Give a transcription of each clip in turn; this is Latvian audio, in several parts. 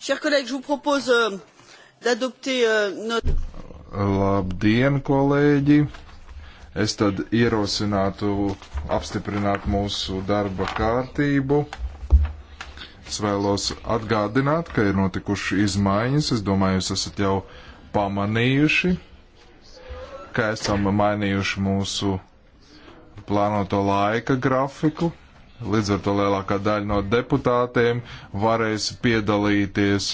Chers collègues, je vous propose euh, d'adopter euh, notre. Labdien, kolēģi! Es tad ierosinātu apstiprināt mūsu darba kārtību. Es vēlos atgādināt, ka ir notikuši izmaiņas. Es domāju, jūs esat jau pamanījuši, ka esam mainījuši mūsu plānoto laika grafiku. Līdz ar to lielākā daļa no deputātiem varēs piedalīties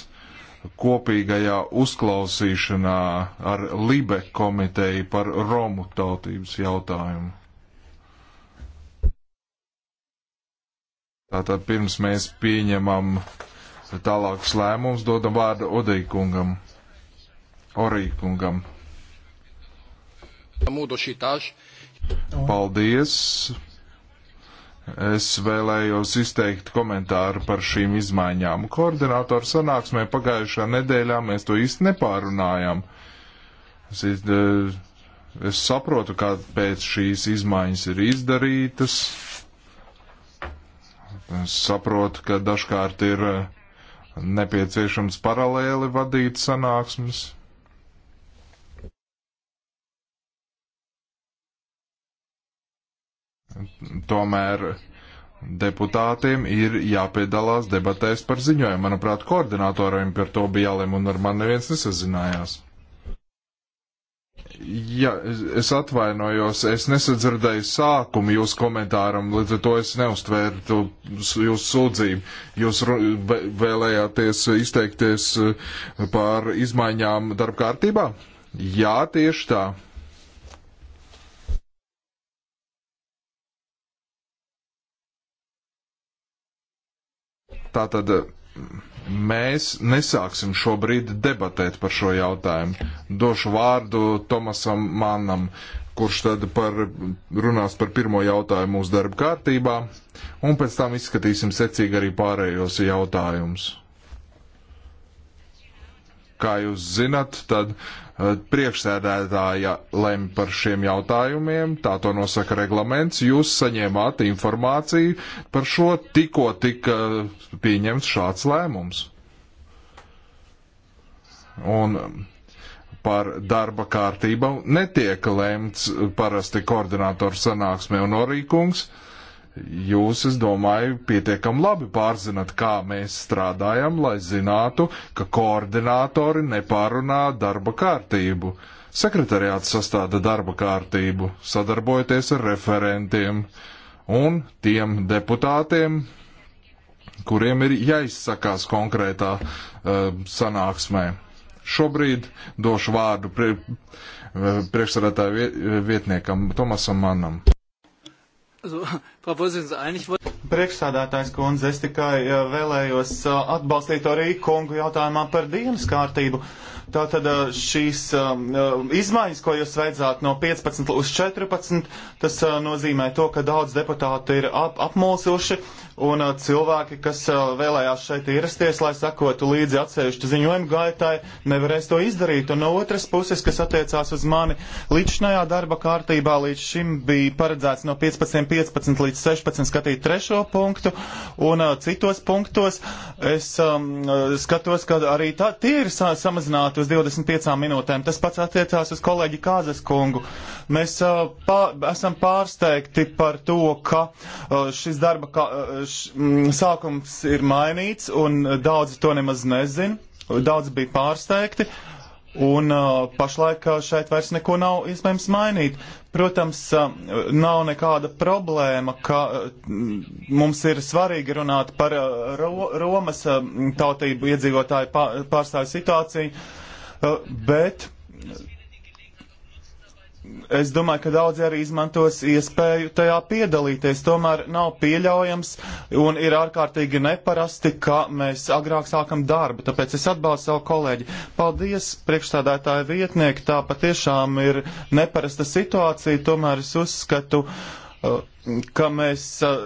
kopīgajā uzklausīšanā ar Libe komiteju par Romu tautības jautājumu. Tātad pirms mēs pieņemam tālākus lēmumus, dodam vārdu Odīkungam, Orīkungam. Paldies! Es vēlējos izteikt komentāru par šīm izmaiņām. Koordinātoru sanāksmē pagājušā nedēļā mēs to īsti nepārunājām. Es, es saprotu, kāpēc šīs izmaiņas ir izdarītas. Es saprotu, ka dažkārt ir eh, nepieciešams paralēli vadīt sanāksmes. Tomēr deputātiem ir jāpiedalās debatēs par ziņojumu. Manuprāt, koordinatoriem par to bija jālem un ar mani neviens nesazinājās. Ja, es atvainojos, es nesadzirdēju sākumu jūsu komentāram, līdz ar to es neuztvērtu jūsu sūdzību. Jūs vēlējāties izteikties eh, par izmaiņām darba kārtībā? Jā, tieši tā. Tātad mēs nesāksim šobrīd debatēt par šo jautājumu. Došu vārdu Tomasam Mannam, kurš tad par, runās par pirmo jautājumu mūsu darba kārtībā, un pēc tam izskatīsim secīgi arī pārējos jautājumus. Kā jūs zinat, tad eh, priekšsēdētāja lem par šiem jautājumiem, tā to nosaka reglaments. Jūs saņēmāt informāciju par šo, tikko tika eh, pieņemts šāds lēmums. Un eh, par darba kārtību netiek lēmts parasti koordinātoru sanāksmē un orīkums. Uh, jūs, es domāju, pietiekam labi pārzinat, kā mēs strādājam, lai zinātu, ka koordinātori nepārunā darba kārtību. Sekretariāts sastāda darba kārtību, sadarbojoties ar referentiem un tiem deputātiem, kuriem ir jāizsakās konkrētā uh, sanāksmē. Šobrīd došu vārdu prie, eh, priekšsarētāju vietniekam Tomasam Mannam. Priekšsādātājs kundze, es tikai eh, vēlējos eh, atbalstīt arī kungu jautājumā par dienas kārtību. Uh, Tātad šīs izmaiņas, ko jūs veicāt no 15 uz 14, tas nozīmē to, ka daudz deputātu ir ap apmulsuši un cilvēki, kas vēlējās šeit ierasties, lai sakotu līdzi atsevišķu ziņojumu gaitai, nevarēs to izdarīt. Un no otras puses, kas attiecās uz mani, līdzinājā darba kārtībā līdz šim bija paredzēts no 15.15 15 līdz 16 skatīt trešo punktu un citos punktos. Es um, skatos, ka arī tā, tie ir samazināti ierobežoti uz 25 minūtēm. Tas pats attiecās uz kolēģi Kāzes kungu. Mēs uh, pār, esam pārsteigti par to, ka uh, šis darba kā, š, m, sākums ir mainīts un daudzi to nemaz nezin. Daudz bija pārsteigti. Un uh, pašlaik šeit vairs neko nav iespējams mainīt. Protams, nav nekāda problēma, ka mums ir svarīgi runāt par Ro Romas tautību iedzīvotāju pārstāju situāciju Uh, bet es domāju, ka daudzi arī izmantos iespēju tajā piedalīties. Tomēr nav pieļaujams un ir ārkārtīgi neparasti, ka mēs agrāk sākam darbu. Tāpēc es atbalstu savu kolēģi. Paldies, priekšstādātāja vietnieki. Tā patiešām ir neparasta situācija. Tomēr es uzskatu. Uh, ka mēs uh,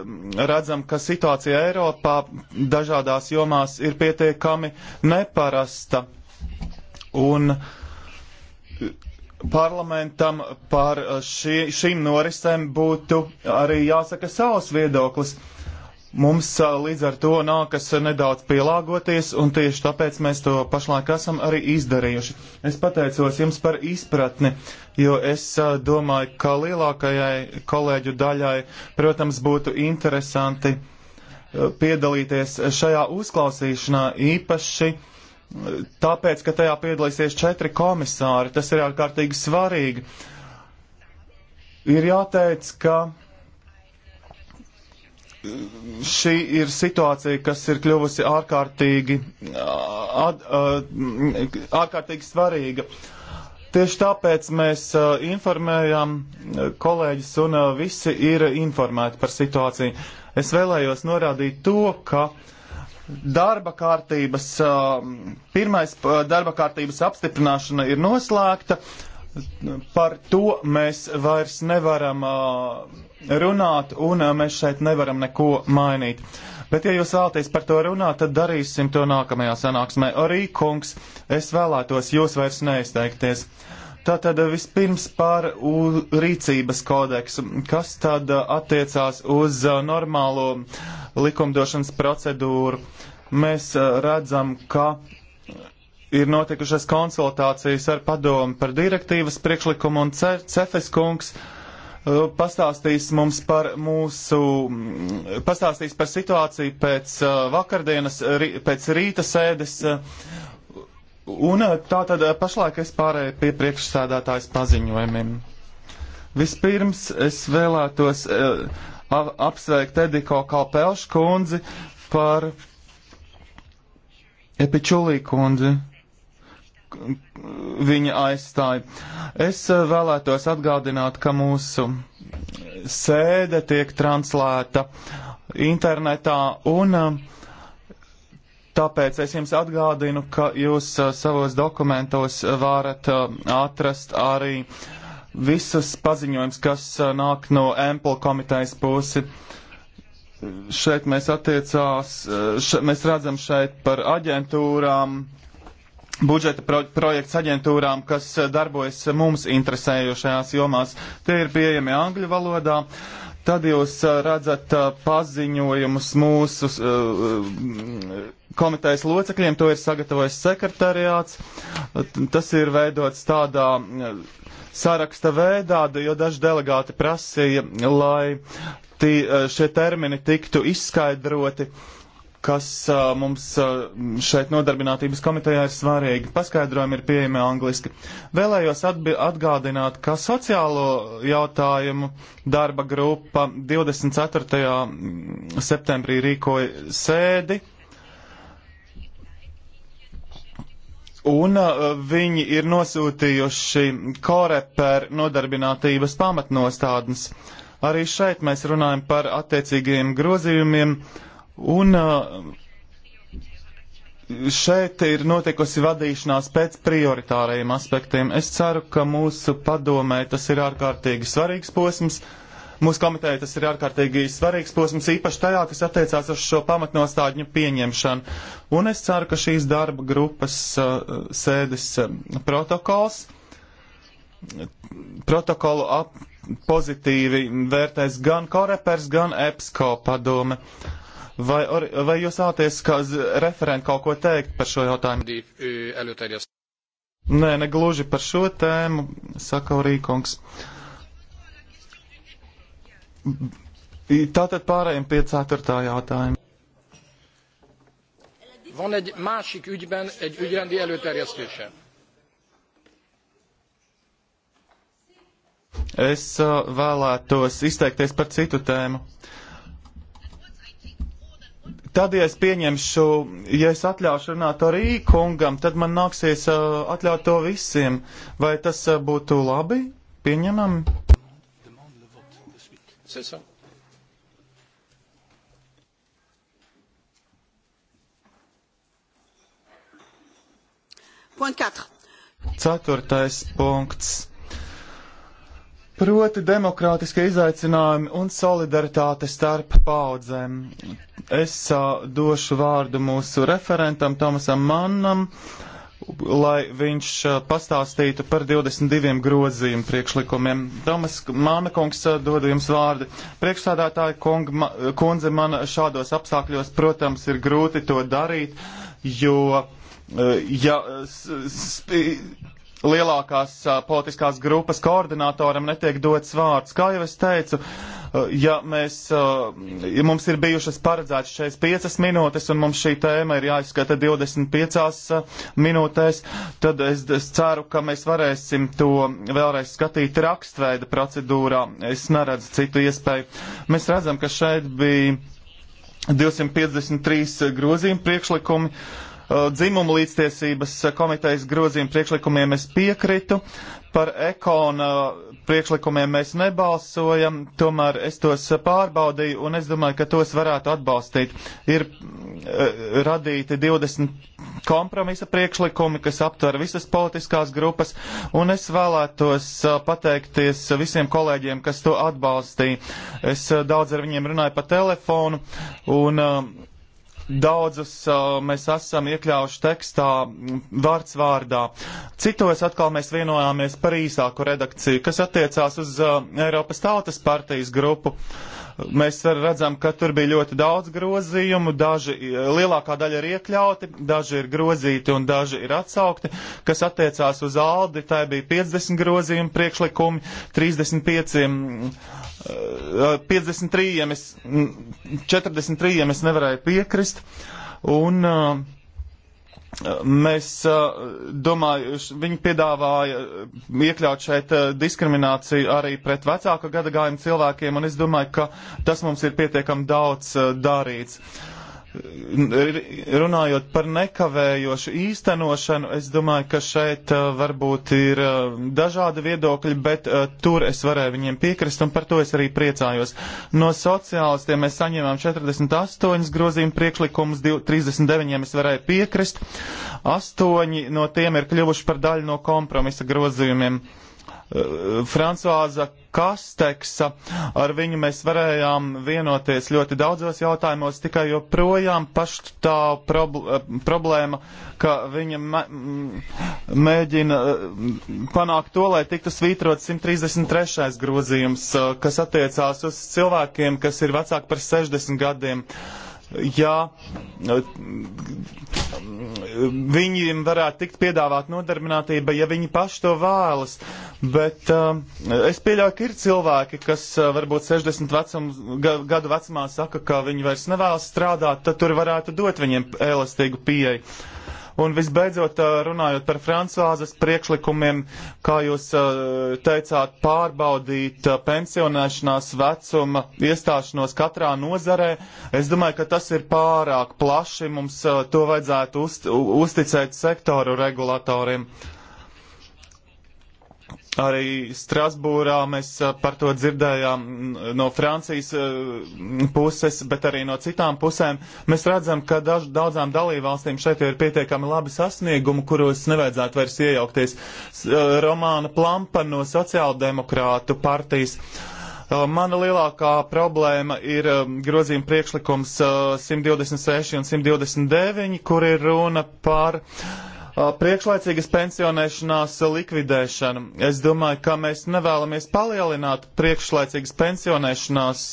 redzam, ka situācija Eiropā dažādās jomās ir pietiekami neparasta un parlamentam par šie, šīm norisēm būtu arī jāsaka savs viedoklis. Mums līdz ar to nākas nedaudz pielāgoties, un tieši tāpēc mēs to pašlaik esam arī izdarījuši. Es pateicos jums par izpratni, jo es domāju, ka lielākajai kolēģu daļai, protams, būtu interesanti piedalīties šajā uzklausīšanā īpaši uh, tāpēc, ka tajā piedalīsies četri komisāri. Tas ir ārkārtīgi svarīgi. Ir jāteic, ka šī ir situācija, kas ir kļuvusi ārkārtīgi, ad, ad, ārkārtīgi svarīga. Tieši tāpēc mēs informējām kolēģis un visi ir informēti par situāciju. Es vēlējos norādīt to, ka uh, darba kārtības, um, pirmais uh, darba kārtības apstiprināšana ir noslēgta. Par to mēs vairs nevaram uh, runāt, un uh, mēs šeit nevaram neko mainīt. Bet, ja jūs vēlaties par to runāt, tad darīsim to nākamajā sanāksmē. Arī, kungs, es vēlētos jūs vairs neizteikties. Tātad vispirms par rīcības kodeksu, kas tad uh, attiecās uz uh, normālo likumdošanas procedūru. Mēs uh, redzam, ka ir notikušas konsultācijas ar padomu par direktīvas priekšlikumu un Cefes kungs pastāstīs mums par mūsu, mm, pastāstīs par situāciju pēc vakardienas, pēc rīta sēdes Un eh, tā tad eh, pašlaik es pārēju pie priekšsēdētājas paziņojumiem. Vispirms es vēlētos uh, apsveikt Ediko Kalpelšu kundzi par Epičulī kundzi. Viņa aizstāja. Es vēlētos atgādināt, ka mūsu sēde tiek translēta internetā un uh, Tāpēc es jums atgādinu, ka jūs uh, savos dokumentos uh, varat uh, atrast arī visus paziņojums, kas nāk no Ample komitejas pusi. Šeit mēs attiecās, še, mēs redzam šeit par aģentūrām, budžeta pro projekts aģentūrām, kas darbojas mums interesējošajās jomās. Tie ir pieejami angļu valodā. Tad jūs redzat paziņojumus mūsu komitejas locekļiem, to ir sagatavojis sekretariāts. Tas ir veidots tādā mm, saraksta veidā, jo daži delegāti prasīja, lai tī, e, šie termini tiktu izskaidroti kas uh, mums uh, šeit nodarbinātības komitejā ir svarīgi. Paskaidrojumi ir pieejami angliski. Vēlējos atgādināt, ka sociālo jautājumu darba grupa 24. Mm, septembrī rīkoja sēdi. Uh, Un uh, viņi ir nosūtījuši koreper nodarbinātības pamatnostādnes. Arī šeit mēs runājam par attiecīgajiem grozījumiem, un uh, šeit ir notikusi vadīšanās pēc prioritārajiem aspektiem. Es ceru, ka mūsu padomē tas ir ārkārtīgi svarīgs posms. Uh, Mūsu komiteja tas ir ārkārtīgi svarīgs posms, īpaši tajā, kas attiecās uz šo pamatnostādņu pieņemšanu. Un es ceru, ka šīs darba grupas uh, sēdes uh, protokols protokolu ap, pozitīvi vērtēs gan Korepers, gan EPSCO padome. Vai, or, vai jūs vēlaties, kā referenti, kaut ko teikt par šo jautājumu? Nē, negluži par šo tēmu, saka Rīkungs. Uh, Tātad pārējiem pie ceturtā jautājuma. Van egy másik ügyben egy ügyrendi előterjesztése. Es uh, vēlētos izteikties par citu tēmu. Tad, ja es pieņemšu, ja es atļaušu runāt arī kungam, tad man nāksies uh, atļaut to visiem. Vai tas uh, būtu labi? Pieņemam? C'est ça. Point 4. Ceturtais punkts. Proti demokrātiskie izaicinājumi un solidaritāte starp paudzēm. Es uh, došu vārdu mūsu referentam Tomasam Mannam. Uh, lai viņš pastāstītu par 22 grozījumu priekšlikumiem. Tomas Mānekungs dodu jums vārdu. Priekšstādātāja kundze man šādos apstākļos, protams, ir grūti to darīt, jo, ja, lielākās a, politiskās grupas koordinatoram netiek dots vārds. Kā jau es teicu, ja, mēs, eh, ja mums ir bijušas paredzētas 45 minūtes un mums šī tēma ir jāizskata 25 eh, minūtēs, tad es, es ceru, ka mēs varēsim to vēlreiz skatīt rakstveida procedūrā. Es neredzu citu iespēju. Mēs redzam, ka šeit bija 253 eh, grozījuma priekšlikumi dzimumu līdztiesības komitejas grozījuma priekšlikumiem es piekritu. Par ekona priekšlikumiem mēs nebalsojam, tomēr es tos pārbaudīju un es domāju, ka tos varētu atbalstīt. Ir eh, radīti 20 kompromisa priekšlikumi, kas aptver visas politiskās grupas, un es vēlētos eh, pateikties visiem kolēģiem, kas to atbalstīja. Es eh, daudz ar viņiem runāju pa telefonu, un Daudzus uh, mēs esam iekļāvuši tekstā vārds vārdā. Citos atkal mēs vienojāmies par īsāku redakciju, kas attiecās uz uh, Eiropas Tautas partijas grupu. Mēs redzam, ka tur bija ļoti daudz grozījumu, daži, lielākā daļa ir iekļauti, daži ir grozīti un daži ir atsaukti, kas attiecās uz Aldi, tā bija 50 grozījumu priekšlikumi, 35 53, es, 43 es nevarēju piekrist. Un, Mēs domāju, viņi piedāvāja iekļaut šeit diskrimināciju arī pret vecāka gada gājuma cilvēkiem, un es domāju, ka tas mums ir pietiekami daudz darīts. Uh, Runājot par nekavējošu īstenošanu, es domāju, ka šeit uh, varbūt ir uh, dažādi viedokļi, bet uh, tur es varēju viņiem piekrist un par to es arī priecājos. No sociālistiem mēs saņēmām 48 grozījumu priekšlikumus, 39 es varēju piekrist, 8 no tiem ir kļuvuši par daļu no kompromisa grozījumiem. Uh, Eh, Francāza Kasteksa, ar viņu mēs varējām vienoties ļoti daudzos jautājumos, tikai joprojām pašu tā eh, problēma, ka viņa mēģina eh, panākt to, lai tiktu svītrot 133. grozījums, kas attiecās uz cilvēkiem, kas ir vecāki par 60 gadiem. Uh, ja eh, viņiem varētu tikt piedāvāt nodarbinātība, ja viņi paši to vēlas. Bet uh, es pieļauju, ka ir cilvēki, kas uh, varbūt 60 vecum, gadu vecumā saka, ka viņi vairs nevēlas strādāt, tad tur varētu dot viņiem elastīgu pieeju. Un visbeidzot, runājot par francāzes priekšlikumiem, kā jūs teicāt, pārbaudīt pensionēšanās vecuma iestāšanos katrā nozarē, es domāju, ka tas ir pārāk plaši. Mums to vajadzētu uzt, uzticēt sektoru regulatoriem. Arī Strasbūrā mēs par to dzirdējām no Francijas puses, bet arī no citām pusēm. Mēs redzam, ka daž, daudzām dalībvalstīm šeit ir pietiekami labi sasniegumi, kuros nevajadzētu vairs iejaukties. Romāna Plampa no sociāldemokrātu partijas. Mana lielākā problēma ir grozījuma priekšlikums 126 un 129, kur ir runa par uh, priekšlaicīgas pensionēšanās likvidēšanu. Es domāju, ka mēs nevēlamies palielināt priekšlaicīgas pensionēšanās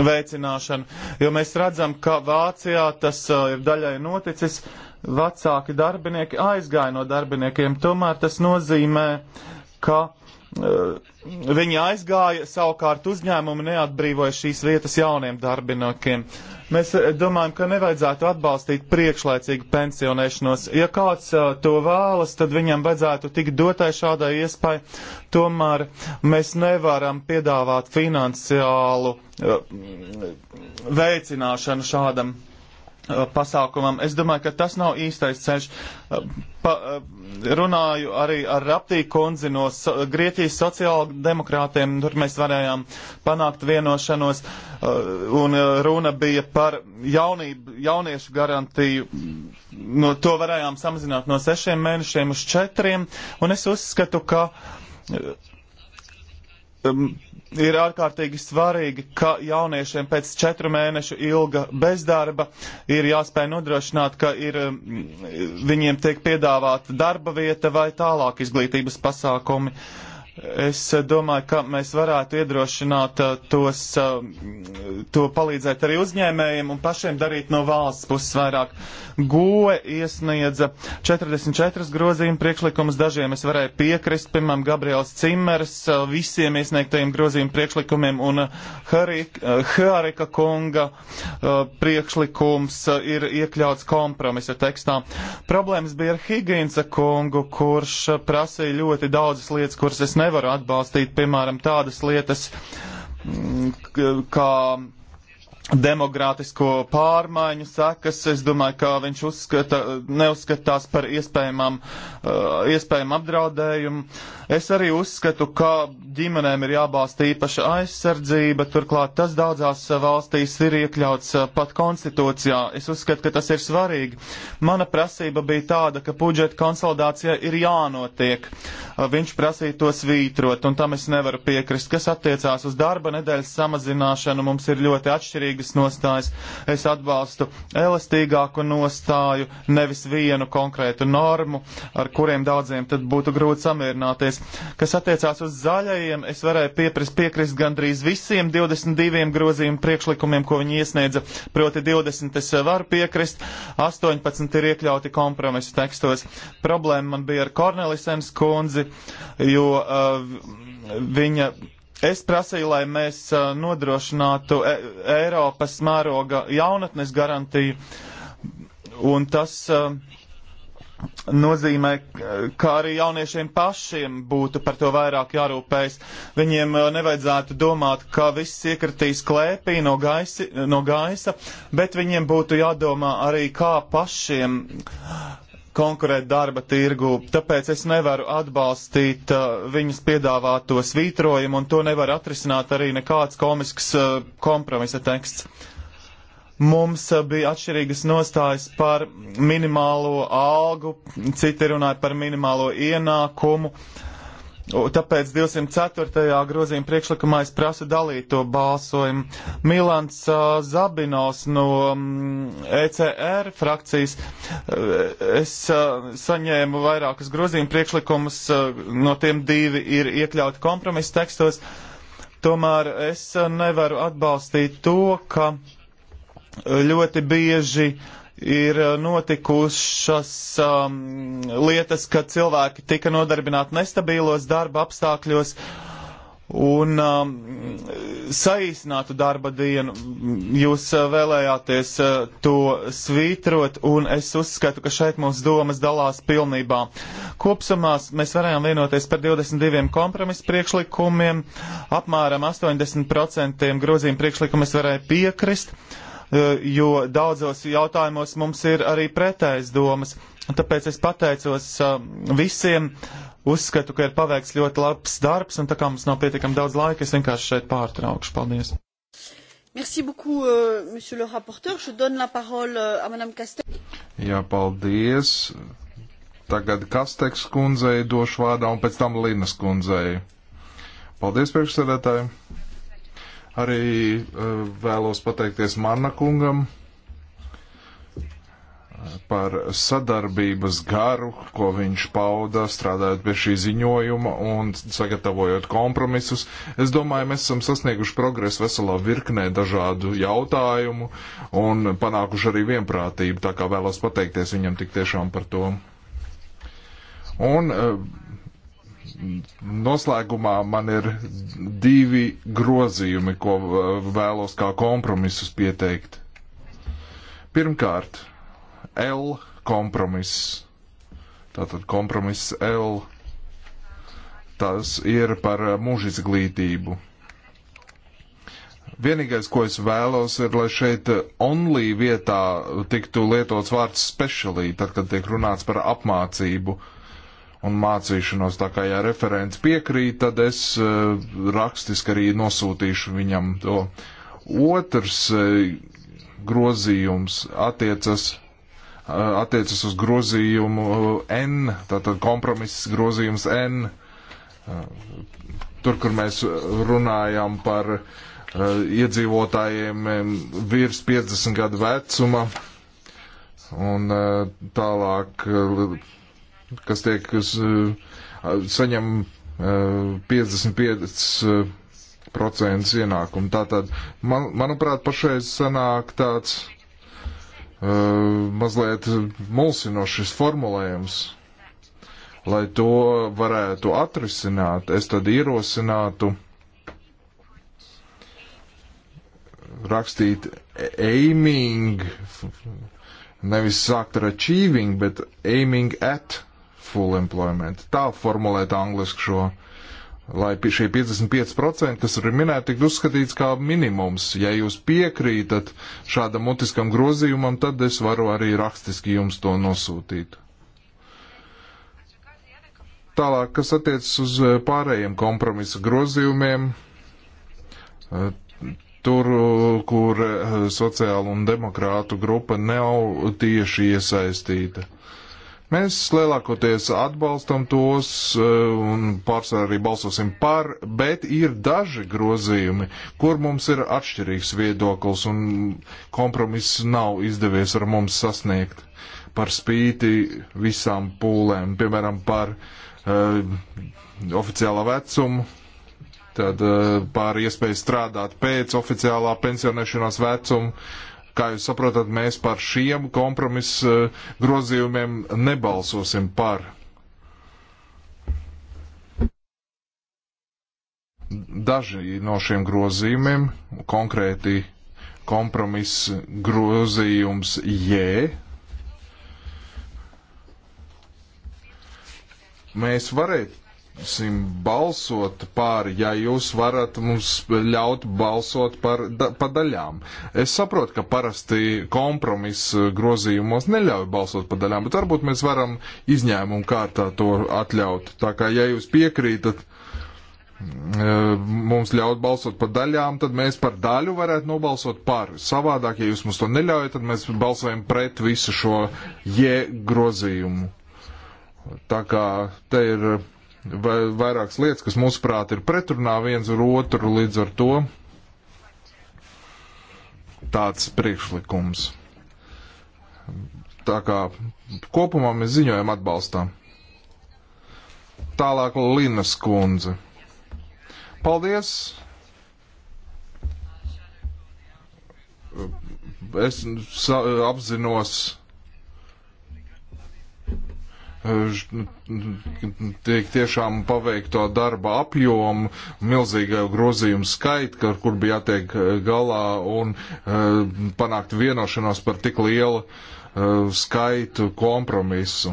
veicināšanu, jo mēs redzam, ka Vācijā tas ir daļai noticis. Vecāki darbinieki aizgāja no darbiniekiem, tomēr tas nozīmē, ka viņi aizgāja, savukārt uzņēmumi neatbrīvoja šīs vietas jauniem darbiniekiem. Uh, Mēs eh, domājam, ka nevajadzētu atbalstīt priekšlaicīgu pensionēšanos. Ja kāds uh, to vēlas, tad viņam vajadzētu tikt dotai šādai iespēju. Tomēr mēs nevaram piedāvāt finansiālu uh, veicināšanu šādam Uh, pasākumam. Es domāju, ka tas nav īstais ceļš. Uh, pa, uh, runāju arī ar Raptī kundzi no so, Grieķijas sociāldemokrātiem, tur mēs varējām panākt vienošanos, un runa bija par jaunību, jauniešu garantiju. No, to varējām samazināt no sešiem mēnešiem uz četriem, un es uzskatu, ka um, ir ārkārtīgi svarīgi, ka jauniešiem pēc četru mēnešu ilga bezdarba ir jāspēj nodrošināt, ka ir, viņiem tiek piedāvāta darba vieta vai tālāk izglītības pasākumi. Uh, Es eh, domāju, ka mēs varētu iedrošināt eh, tos, eh, to palīdzēt arī uzņēmējiem un pašiem darīt no valsts puses vairāk. Goe iesniedza 44 grozījumu priekšlikumus, dažiem es varēju piekrist, piemēram, Gabriels Cimers visiem iesniegtajiem grozījumu priekšlikumiem un Hārika kunga priekšlikums ir iekļauts kompromisa tekstā. Problēmas bija ar Higinsa kungu, kurš prasīja ļoti daudzas lietas, kuras es nevaru nevaru atbalstīt, piemēram, tādas lietas mm, kā demokrātisko pārmaiņu sekas, es domāju, ka viņš uzskata, neuzskatās par iespējamām, uh, eh, iespējamam apdraudējumu. Es arī uzskatu, ka ģimenēm ir jābalsta īpaša aizsardzība, turklāt tas daudzās valstīs ir iekļauts eh, pat konstitūcijā. Es uzskatu, ka tas ir svarīgi. Mana prasība bija tāda, ka budžeta konsolidācijai ir jānotiek. Uh, viņš prasīja to svītrot, un tam es nevaru piekrist. Kas attiecās uz darba nedēļas samazināšanu, mums ir ļoti atšķirīgi vispārīgas nostājas. Es atbalstu elastīgāku nostāju, nevis vienu konkrētu normu, ar kuriem daudziem tad būtu grūti samierināties. Kas attiecās uz zaļajiem, es varēju pieprist, piekrist gandrīz visiem 22 grozījumu priekšlikumiem, ko viņi iesniedza, proti 20 es varu piekrist, 18 ir iekļauti kompromisu tekstos. Problēma man bija ar Kornelisens kundzi, jo uh, viņa Es prasīju, lai mēs uh, nodrošinātu e Eiropas mēroga jaunatnes garantiju, un tas uh, nozīmē, ka arī jauniešiem pašiem būtu par to vairāk jārūpējas. Viņiem uh, nevajadzētu domāt, ka viss iekritīs klēpī no, gaisi, no gaisa, bet viņiem būtu jādomā arī, kā pašiem konkurēt darba tirgu, tāpēc es nevaru atbalstīt uh, viņas piedāvāto svītrojumu, un to nevar atrisināt arī nekāds komisks uh, kompromisa teksts. Mums uh, bija atšķirīgas nostājas par minimālo algu, citi runāja par minimālo ienākumu. Uh, Tāpēc 204. grozījuma priekšlikumā es prasu dalīto balsojumu. Milans uh, Zabinos no um, mm, ECR frakcijas. Uh, es uh, saņēmu vairākus grozījumu priekšlikumus, uh, no tiem divi ir iekļauti kompromisa tekstos. Tomēr es uh, nevaru atbalstīt to, ka ļoti bieži uh, ir eh, notikušas um, lietas, kad cilvēki tika nodarbināti nestabilos darba apstākļos un um, saīsinātu darba dienu. Jūs uh, vēlējāties uh, to svītrot, un es uzskatu, ka šeit mūsu domas dalās pilnībā. Kopsumā mēs varējām vienoties par 22 kompromisu priekšlikumiem, apmēram 80% grozījumu priekšlikumu es varēju piekrist. Uh, Eh, jo daudzos jautājumos mums ir arī pretējas domas. Tāpēc es pateicos eh, visiem, uzskatu, ka ir paveikts ļoti labs darbs, un tā kā mums nav pietiekami daudz laika, es vienkārši šeit pārtraukšu. Paldies! Merci beaucoup, euh, monsieur le rapporteur. Je donne la parole euh, à madame Castex. Jā, paldies. Tagad Kastex kundzei došu vārdā un pēc tam Linas kundzei. Paldies, priekšsēdētāji. Arī e, vēlos pateikties Manna kungam e, par sadarbības garu, ko viņš pauda strādājot pie šī ziņojuma un sagatavojot kompromisus. Es domāju, mēs esam sasnieguši progresu veselā virknē dažādu jautājumu un panākuši arī vienprātību, tā kā vēlos pateikties viņam tik tiešām par to. Un e, noslēgumā man ir divi grozījumi, ko eh, vēlos kā kompromisus pieteikt. Pirmkārt, L kompromiss. Tātad kompromiss L. Tas ir par eh, mūža izglītību. Vienīgais, ko es vēlos, ir, lai šeit only vietā tiktu lietots vārds specialī, tad, kad tiek runāts par apmācību. Uh, un mācīšanos. Tā kā ja referents piekrīt, tad es eh, rakstiski arī nosūtīšu viņam to. Otrs eh, grozījums attiecas eh, attiecas uz grozījumu N, tātad kompromiss grozījums N, tur, kur mēs runājam par iedzīvotājiem virs 50 gadu vecuma un tālāk kas tiek kas, eh, saņem 55% eh, eh, ienākumu. Tātad, man, manuprāt, pašreiz sanāk tāds mazliet mulsinošs formulējums. Lai to varētu atrisināt, es tad ierosinātu rakstīt aiming, nevis sākt ar achieving, bet aiming at full employment. Tā formulēt angliski šo, lai šie 55%, kas ir minēti, tiktu uzskatīts kā minimums. Ja jūs piekrītat šādam mutiskam grozījumam, tad es varu arī rakstiski jums to nosūtīt. Tālāk, kas attiecas uz eh, pārējiem kompromisa grozījumiem, eh, tur, eh, kur sociāla un demokrātu grupa nav tieši iesaistīta. Uh, Mēs lielākoties atbalstam tos eh, un pārsvarā arī balsosim par, bet ir daži grozījumi, kur mums ir atšķirīgs viedoklis un kompromiss nav izdevies ar mums sasniegt par spīti visām pūlēm, piemēram, par uh, oficiālā vecuma, tad uh, par iespēju strādāt pēc oficiālā pensionēšanās vecuma. Uh, Kā jūs saprotat, mēs par šiem kompromisu eh, grozījumiem nebalsosim par. Daži no šiem grozījumiem, konkrēti kompromiss grozījums J, mēs varētu varēsim balsot par, ja jūs varat mums ļaut balsot par da, pa daļām. Es saprotu, ka parasti kompromisu eh, grozījumos neļauj balsot pa daļām, bet varbūt mēs varam izņēmumu kārtā to atļaut. Tā kā, ja jūs piekrītat eh, mums ļaut balsot par daļām, tad mēs par daļu varētu nobalsot par. Savādāk, ja jūs mums to neļaujat, tad mēs balsojam pret visu šo jē grozījumu. Tā kā te ir vairākas lietas, kas mūsuprāt ir pretrunā viens ar otru, līdz ar to tāds priekšlikums. Tā kā kopumā mēs ziņojam atbalstām. Tālāk Linas kundze. Paldies! Es apzinos tiek tiešām paveikto darba apjomu, milzīgo grozījumu skaitu, ar kur bija jātiek eh, galā un eh, panākt vienošanos par tik lielu eh, skaitu kompromisu.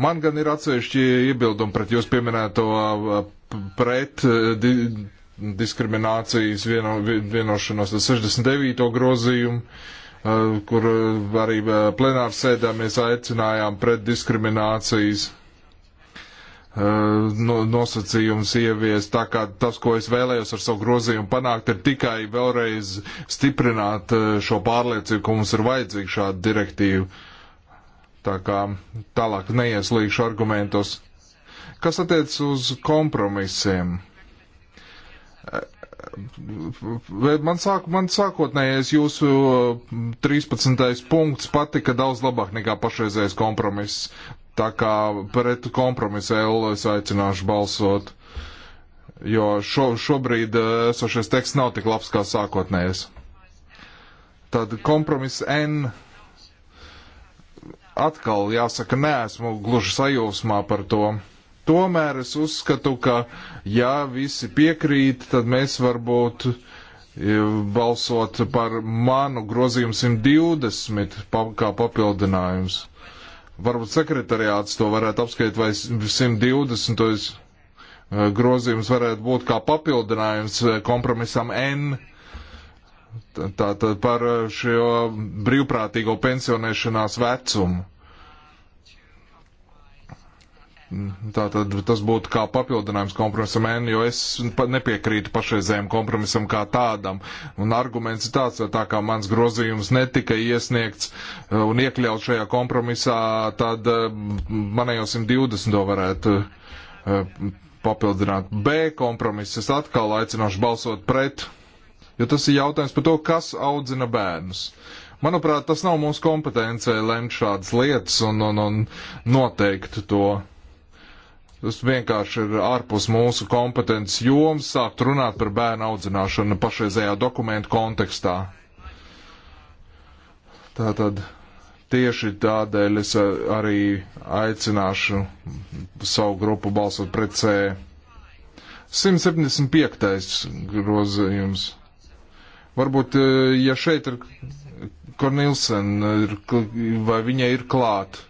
Man gan ir atsevišķi iebildumi pret jūs pieminēto pret di, diskriminācijas vieno, vienošanos ar 69. grozījumu Eh, kur eh, arī eh, plenāru sēdē mēs aicinājām pret diskriminācijas nosacījums ievies. Tā kā tas, ko es vēlējos ar savu grozījumu panākt, ir tikai vēlreiz stiprināt šo pārliecību, ka mums ir vajadzīga šāda direktīva. Tā kā tālāk neieslīgšu argumentos. Kas attiec uz kompromisiem? Man, sāk, man sākotnējais jūsu 13. Mm, punkts patika daudz labāk nekā pašreizējais kompromiss. Tā kā pret kompromisu L es aicināšu balsot, jo šo, šobrīd eh, esošais teksts nav tik labs kā sākotnējais. Tad kompromiss N atkal jāsaka, neesmu gluži sajūsmā par to. Tomēr es uzskatu, ka ja visi piekrīt, tad mēs varbūt e, balsot par manu grozījumu 120 kā papildinājums. Varbūt sekretariāts to varētu apskaitīt, vai 120 e, grozījums varētu būt kā papildinājums e, kompromisam N. Tātad par šo brīvprātīgo pensionēšanās vecumu. Tātad tas būtu kā papildinājums kompromisam N, jo es nepiekrītu pašreizējiem kompromisam kā tādam. Un arguments ir tāds, ka tā kā mans grozījums netika iesniegts uh, un iekļaut šajā kompromisā, tad uh, manējos 120 varētu uh, papildināt. B kompromiss es atkal aicināšu balsot pret, jo tas ir jautājums par to, kas audzina bērnus. Manuprāt, tas nav mūsu kompetencija lemt šādas lietas un, un, un noteikt to. Tas vienkārši ir ārpus mūsu kompetences jomas sākt runāt par bērnu audzināšanu pašreizējā dokumentu kontekstā. Tātad tieši tādēļ es eh, arī aicināšu savu grupu balsot pret C. 175. grozījums. Varbūt, eh, ja šeit ir Kornilsen, vai viņa ir klāta.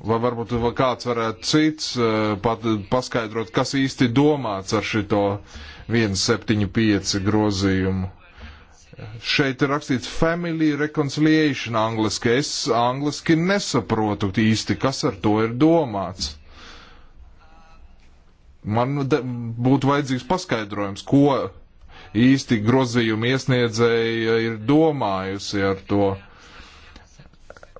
Vai varbūt vai kāds varētu cits eh, pat paskaidrot, kas īsti domāts ar šito 175 grozījumu? Šeit ir rakstīts family reconciliation angliski. Es angliski nesaprotu īsti, kas ar to ir domāts. Man būtu vajadzīgs paskaidrojums, ko īsti grozījuma iesniedzēja ir domājusi ar to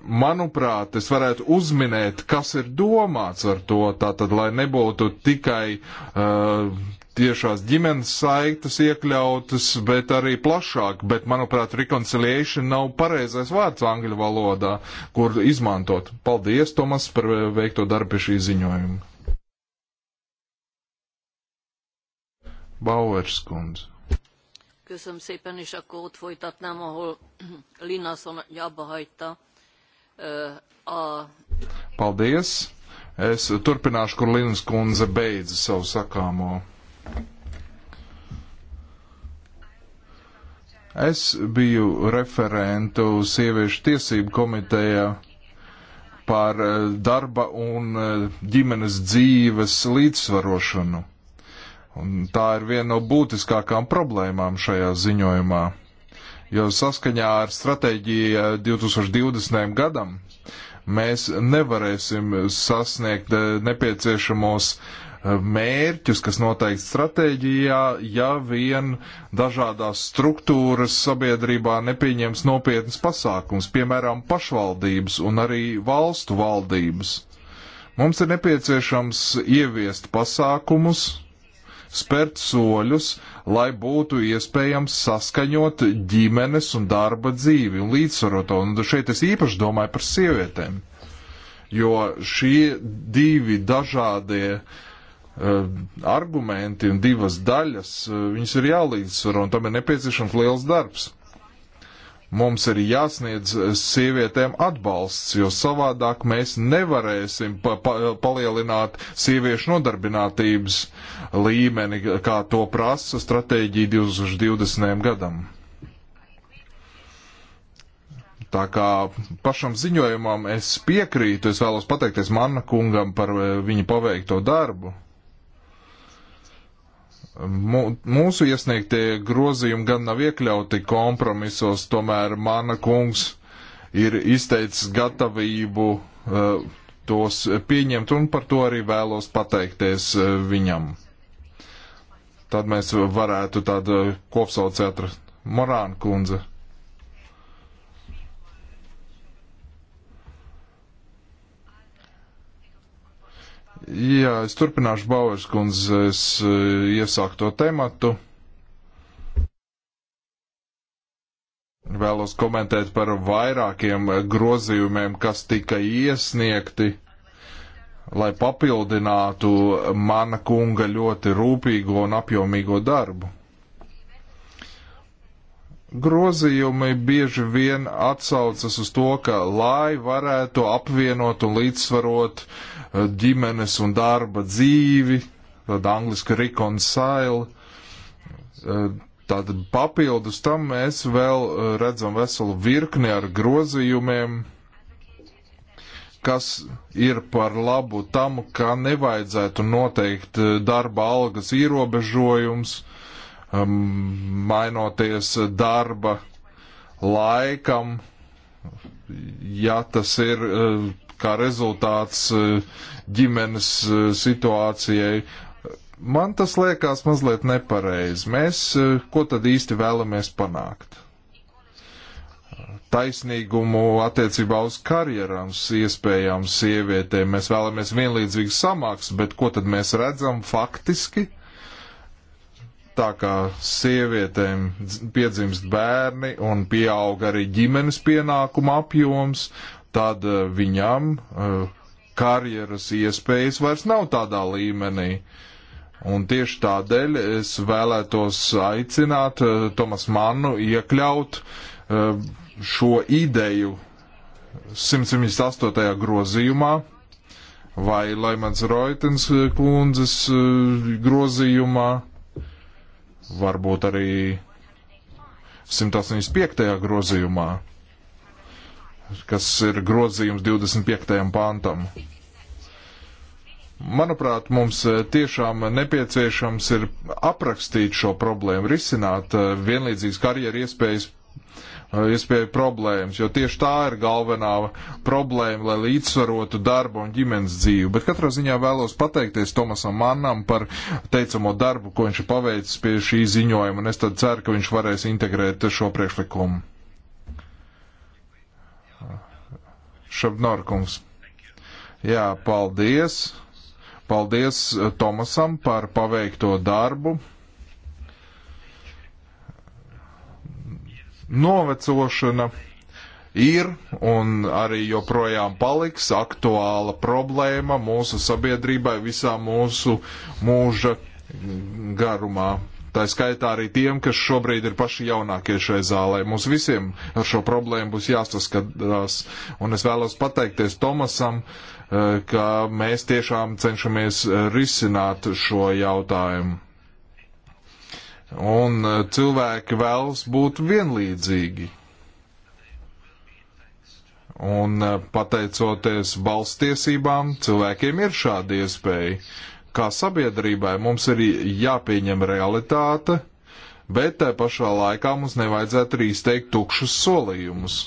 manuprāt, es varētu uzminēt, kas ir domāts ar to, tātad, lai nebūtu tikai uh, tiešās ģimenes saitas iekļautas, bet arī plašāk, bet, manuprāt, reconciliation nav pareizais vārds angļu valodā, kur izmantot. Paldies, Tomas, par veikto darbu pie šī ziņojuma. Bauers kundze. Köszönöm szépen, és akkor ott folytatnám, ahol Linasson abba hagyta. Uh, a... Paldies! Es turpināšu, kur Linas kundze beidza savu sakāmo. Es biju referentu sieviešu tiesību komitejā par uh, darba un uh, ģimenes dzīves līdzsvarošanu. Un tā ir viena no būtiskākām problēmām šajā ziņojumā jo saskaņā ar stratēģiju 2020. Eh, gadam mēs nevarēsim sasniegt eh, nepieciešamos eh, mērķus, kas noteikti stratēģijā, ja vien dažādās struktūras sabiedrībā nepieņems nopietnas pasākums, piemēram, pašvaldības un arī valstu valdības. Mums ir nepieciešams ieviest pasākumus, spērt soļus, lai būtu iespējams saskaņot ģimenes un darba dzīvi un līdzsvarot to. Un šeit es īpaši domāju par sievietēm, jo šie divi dažādie uh, argumenti un divas daļas, uh, viņas ir jālīdzsvaro, un tam ir nepieciešams liels darbs. Mums ir jāsniedz eh, sievietēm atbalsts, jo savādāk mēs nevarēsim pa pa palielināt sieviešu nodarbinātības līmeni, kā to prasa stratēģija 2020. gadam. Tā kā pašam ziņojumam es piekrītu, es vēlos pateikties Manna kungam par eh, viņa paveikto darbu. Mūsu iesniegtie grozījumi gan nav iekļauti kompromisos, tomēr mana kungs ir izteicis gatavību uh, tos pieņemt, un par to arī vēlos pateikties uh, viņam. Tad mēs varētu tādu eh, kopsaucētu Morāna kundze. Jā, es turpināšu Bauers kundzes eh, iesākto tematu. Vēlos komentēt par vairākiem eh, grozījumiem, kas tika iesniegti, lai papildinātu mana kunga ļoti rūpīgo un apjomīgo darbu. Grozījumi bieži vien atsaucas uz to, ka lai varētu apvienot un līdzsvarot eh, ģimenes un darba dzīvi, tāda angliska reconcile, eh, tad papildus tam mēs vēl eh, redzam veselu virkni ar grozījumiem, kas ir par labu tam, ka nevajadzētu noteikt darba algas ierobežojums, uh, Um, mainoties darba laikam, ja tas ir uh, kā rezultāts uh, ģimenes uh, situācijai. Man tas liekas mazliet nepareizi. Mēs ko tad īsti vēlamies panākt? Taisnīgumu attiecībā uz karjerām, iespējām sievietēm. Mēs vēlamies vienlīdzīgas samaks, bet ko tad mēs redzam faktiski? Uh, tā kā sievietēm piedzimst bērni un pieaug arī ģimenes pienākuma apjoms, tad eh, viņam eh, karjeras iespējas vairs nav tādā līmenī. Un tieši tādēļ es vēlētos aicināt eh, Tomas Mannu iekļaut šo ideju 178. grozījumā, vai Laimans Roitens kundzes grozījumā, varbūt arī 185. grozījumā, kas ir grozījums 25. pantam. Manuprāt, mums eh, tiešām nepieciešams ir aprakstīt šo problēmu, risināt eh, vienlīdzīgas karjeras iespējas Uh, iespēju problēmas, jo tieši tā ir galvenā problēma, lai līdzsvarotu darbu un ģimenes dzīvi. Bet katrā ziņā vēlos pateikties Tomasam Mannam par teicamo darbu, ko viņš ir paveicis pie šī ziņojuma, un es tad ceru, ka viņš varēs integrēt šo priekšlikumu. Šabnorkungs. Jā, paldies. Paldies uh, Tomasam par paveikto darbu. Novecošana ir un arī joprojām paliks aktuāla problēma mūsu sabiedrībai visā mūsu mūža garumā. Tā skaitā arī tiem, kas šobrīd ir paši jaunākie šai zālē. Mums visiem ar šo problēmu būs jāsaskatās. Un es vēlos pateikties Tomasam, eh, ka mēs tiešām cenšamies eh, risināt šo jautājumu. Un e, cilvēki vēlas būt vienlīdzīgi. Un e, pateicoties balstiesībām, cilvēkiem ir šāda iespēja. Kā sabiedrībai mums ir jāpieņem realitāte, bet tā pašā laikā mums nevajadzētu arī izteikt tukšus solījumus.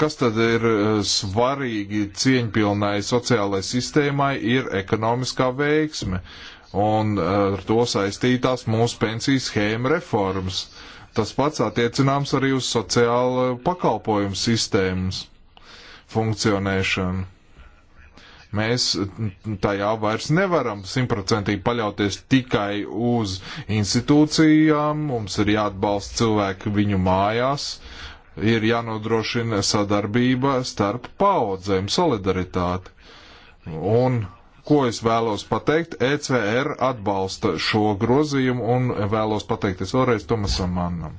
Kas tad ir e, svarīgi cieņpilnai sociālai sistēmai, ir ekonomiskā veiksme un eh, ar to saistītās mūsu pensiju schēma reformas. Tas pats attiecināms arī uz sociālo pakalpojumu sistēmas funkcionēšanu. Mēs tajā vairs nevaram simtprocentīgi paļauties tikai uz institūcijām, mums ir jāatbalsta cilvēki viņu mājās, ir jānodrošina sadarbība starp paudzēm, solidaritāte. Un ko es vēlos pateikt. ECR atbalsta šo grozījumu un vēlos pateikties vēlreiz Tomasam Mannam.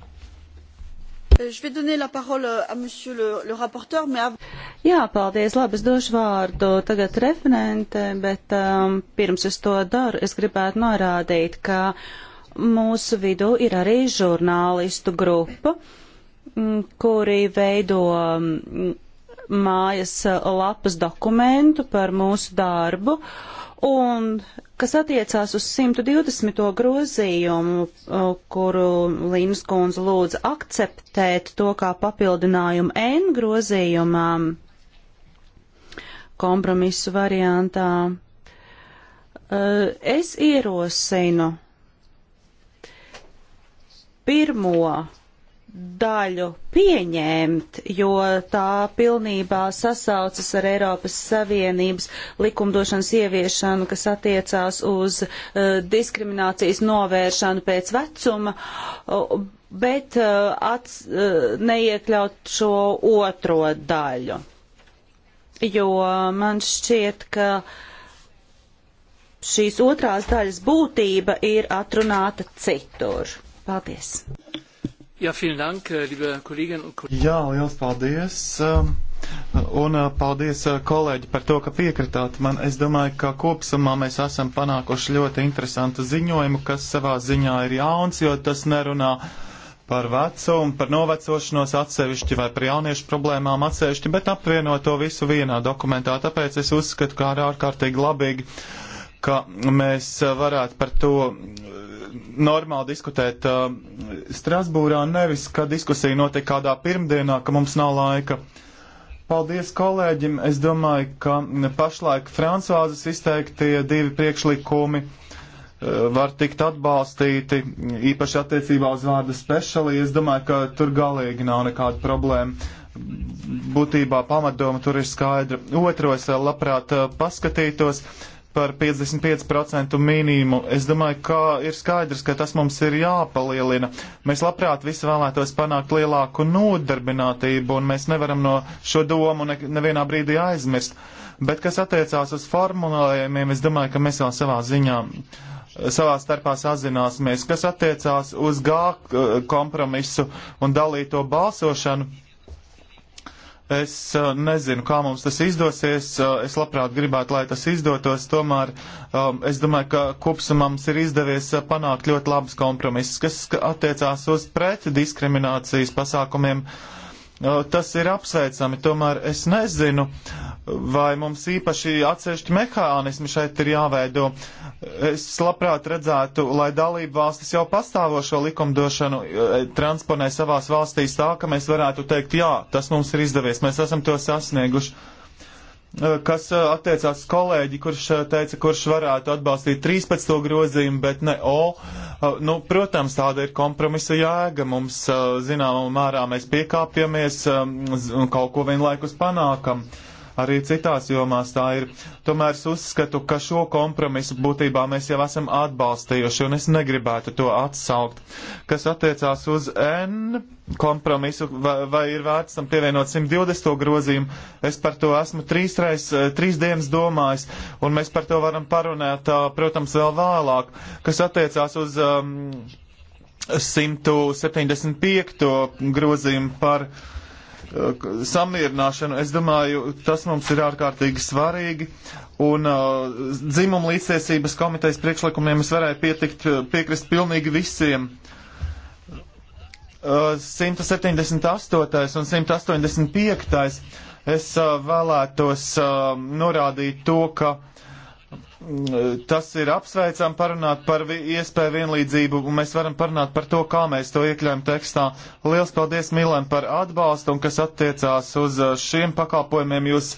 Jā, paldies. Labi, es došu vārdu tagad referente, bet um, pirms es to daru, es gribētu norādīt, ka mūsu vidū ir arī žurnālistu grupa, mm, kuri veido. Um, mājas eh, lapas dokumentu par mūsu darbu. Un kas attiecās uz 120. grozījumu, eh, kuru Līnas kundze lūdza akceptēt to kā papildinājumu N grozījumam kompromisu variantā, eh, es ierosinu pirmo daļu pieņemt, jo tā pilnībā sasaucas ar Eiropas Savienības likumdošanas ieviešanu, kas attiecās uz uh, diskriminācijas novēršanu pēc vecuma, uh, bet uh, ats, uh, neiekļaut šo otro daļu. Jo man šķiet, ka šīs otrās daļas būtība ir atrunāta citur. Paldies! Jā, dank, äh, un... Jā, liels paldies! Ähm, un äh, paldies, äh, kolēģi, par to, ka piekritāt man. Es domāju, ka kopsumā mēs esam panākuši ļoti interesantu ziņojumu, kas savā ziņā ir jauns, jo tas nerunā par vecumu, par novecošanos atsevišķi vai par jauniešu problēmām atsevišķi, bet apvieno to visu vienā dokumentā. Tāpēc es uzskatu, kā ar ārkārtīgi labīgi ka mēs eh, varētu par to eh, normāli diskutēt eh, Strasbūrā, nevis, ka diskusija notiek kādā pirmdienā, ka mums nav laika. Paldies kolēģim. Es domāju, ka pašlaik Francāzes izteiktie divi priekšlikumi var tikt atbalstīti, īpaši attiecībā uz vārdu speciāli. Es domāju, ka tur galīgi nav nekāda problēma. Būtībā pamatdoma tur ir skaidra. Otro es labprāt paskatītos. Uh, par 55% minimumu. Es domāju, ka ir skaidrs, ka tas mums ir jāpalielina. Mēs labprāt visi vēlētos panākt lielāku nodarbinātību, un mēs nevaram no šo domu ne, nevienā brīdī aizmirst. Bet kas attiecās uz formulējumiem, es domāju, ka mēs vēl savā ziņā savā starpā sazināsimies, kas attiecās uz G kompromisu un dalīto balsošanu Es uh, nezinu, kā mums tas izdosies. Uh, es labprāt gribētu, lai tas izdotos. Tomēr um, es domāju, ka kopsumā mums ir izdevies uh, panākt ļoti labus kompromisus, kas attiecās uz pretdiskriminācijas pasākumiem. Uh, tas ir apsveicami, tomēr es nezinu, vai mums īpaši atsevišķi mehānismi šeit ir jāveido. Es labprāt redzētu, lai dalību valstis jau pastāvošo likumdošanu e, transponē savās valstīs tā, ka mēs varētu teikt, jā, tas mums ir izdevies, mēs esam to sasnieguši. Eh, kas eh, attiecās kolēģi, kurš eh, teica, kurš varētu atbalstīt 13. grozījumu, bet ne O. Nu, protams, tāda ir kompromisa jēga. Mums, zināmā mērā, mēs piekāpjamies un kaut ko vienlaikus panākam. Uh, arī citās jomās tā ir. Tomēr es uzskatu, ka šo kompromisu būtībā mēs jau esam atbalstījuši, un es negribētu to atsaukt. Kas attiecās uz N kompromisu, vai, vai ir vērts tam pievienot 120 grozījumu, es par to esmu trīsreiz, trīs dienas domājis, un mēs par to varam parunāt, protams, vēl vēlāk. Kas attiecās uz. Um, 175. grozījumu par uh, samierināšanu. Es domāju, tas mums ir ārkārtīgi svarīgi. Un uh, dzimuma līdztiesības komitejas priekšlikumiem es varēju pietikt, uh, piekrist pilnīgi visiem. Uh, 178. un 185. es uh, vēlētos uh, norādīt to, ka uh, tas ir apsveicam parunāt par iespēju vienlīdzību, un mēs varam parunāt par to, kā mēs to iekļaujam tekstā. Liels paldies Milam par atbalstu, un kas attiecās uz uh, šiem pakalpojumiem, jūs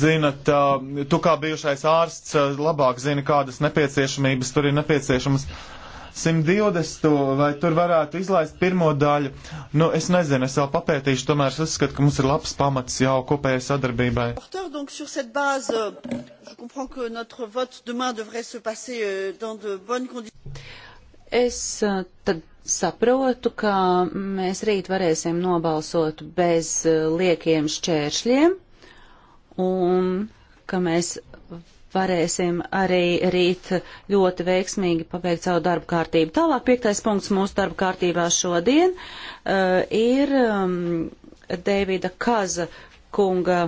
zinat, uh, tu kā bijušais ārsts uh, labāk zini, kādas nepieciešamības tur ir nepieciešamas. Uh, 120. vai tur varētu izlaist pirmo daļu. Nu, es nezinu, es vēl papētīšu, tomēr es uzskatu, ka mums ir labs pamats jau kopējai sadarbībai. Euh, euh, es euh, tad saprotu, ka mēs rīt varēsim nobalsot bez liekiem šķēršļiem un ka mēs varēsim arī rīt ļoti veiksmīgi pabeigt savu darbu kārtību. Tālāk piektais punkts mūsu darbu kārtībā šodien uh, ir um, Davida Kaza kunga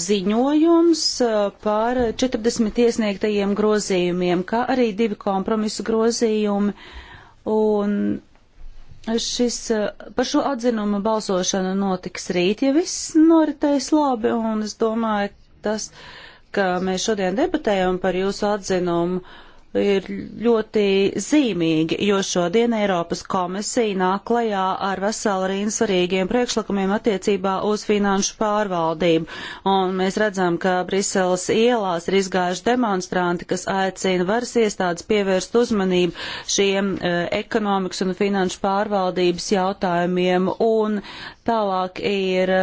ziņojums uh, par 40 iesniegtajiem grozījumiem, kā arī divi kompromisu grozījumi. Un Šis, uh, par šo atzinumu balsošana notiks rīt, ja viss noritēs labi, un es domāju, tas ka mēs šodien debatējam par jūsu atzinumu, ir ļoti zīmīgi, jo šodien Eiropas komisija nāk klajā ar veselu rīnu svarīgiem priekšlikumiem attiecībā uz finanšu pārvaldību. Un mēs redzam, ka Briseles ielās ir izgājuši demonstranti, kas aicina varas iestādes pievērst uzmanību šiem e, ekonomikas un finanšu pārvaldības jautājumiem. Un tālāk ir e,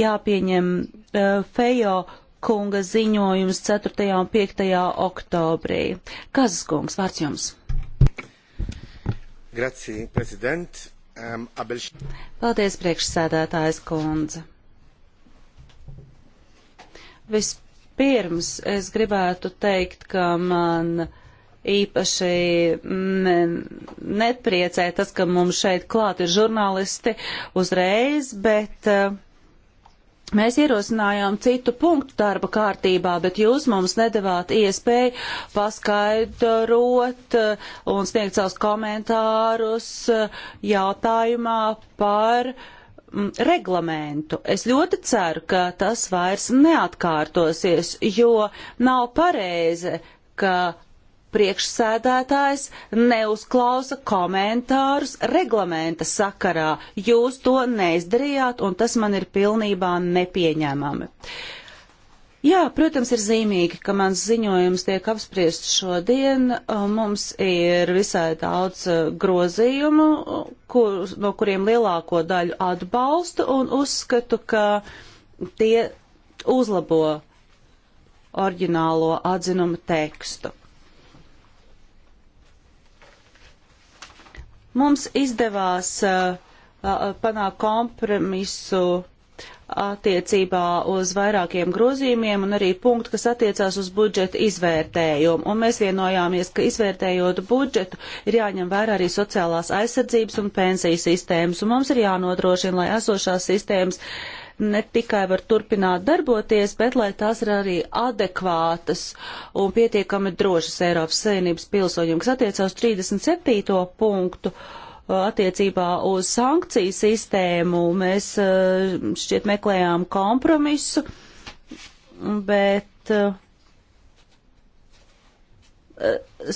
jāpieņem e, fejo kunga ziņojums 4. un 5. oktobrī. Kazas kungs, vārds jums. Grazie, prezident. Um, abel... Paldies, priekšsēdētājs kundze. Vispirms es gribētu teikt, ka man īpaši nepriecē tas, ka mums šeit klāt ir žurnālisti uzreiz, bet uh, Mēs ierosinājām citu punktu darba kārtībā, bet jūs mums nedavāt iespēju paskaidrot uh, un sniegt savus komentārus uh, jautājumā par mm, reglamentu. Es ļoti ceru, ka tas vairs neatkārtosies, jo nav pareizi, ka priekšsēdētājs neuzklausa komentārus reglamenta sakarā. Jūs to neizdarījāt, un tas man ir pilnībā nepieņēmami. Jā, protams, ir zīmīgi, ka mans ziņojums tiek apspriests šodien. Mums ir visai daudz e, grozījumu, kur, no kuriem lielāko daļu atbalstu un uzskatu, ka tie uzlabo oriģinālo atzinumu tekstu. Mums izdevās uh, uh, panākt kompromisu attiecībā uz vairākiem grozījumiem un arī punktu, kas attiecās uz budžeta izvērtējumu. Un mēs vienojāmies, ka izvērtējot budžetu ir jāņem vērā arī sociālās aizsardzības un pensiju sistēmas, un mums ir jānodrošina, lai esošās sistēmas uh, ne tikai var turpināt darboties, bet lai tās ir arī adekvātas un pietiekami drošas Eiropas Savienības pilsoņiem, kas attiecās 37. punktu uh, attiecībā uz sankciju sistēmu. Mēs uh, šķiet meklējām kompromisu, bet uh,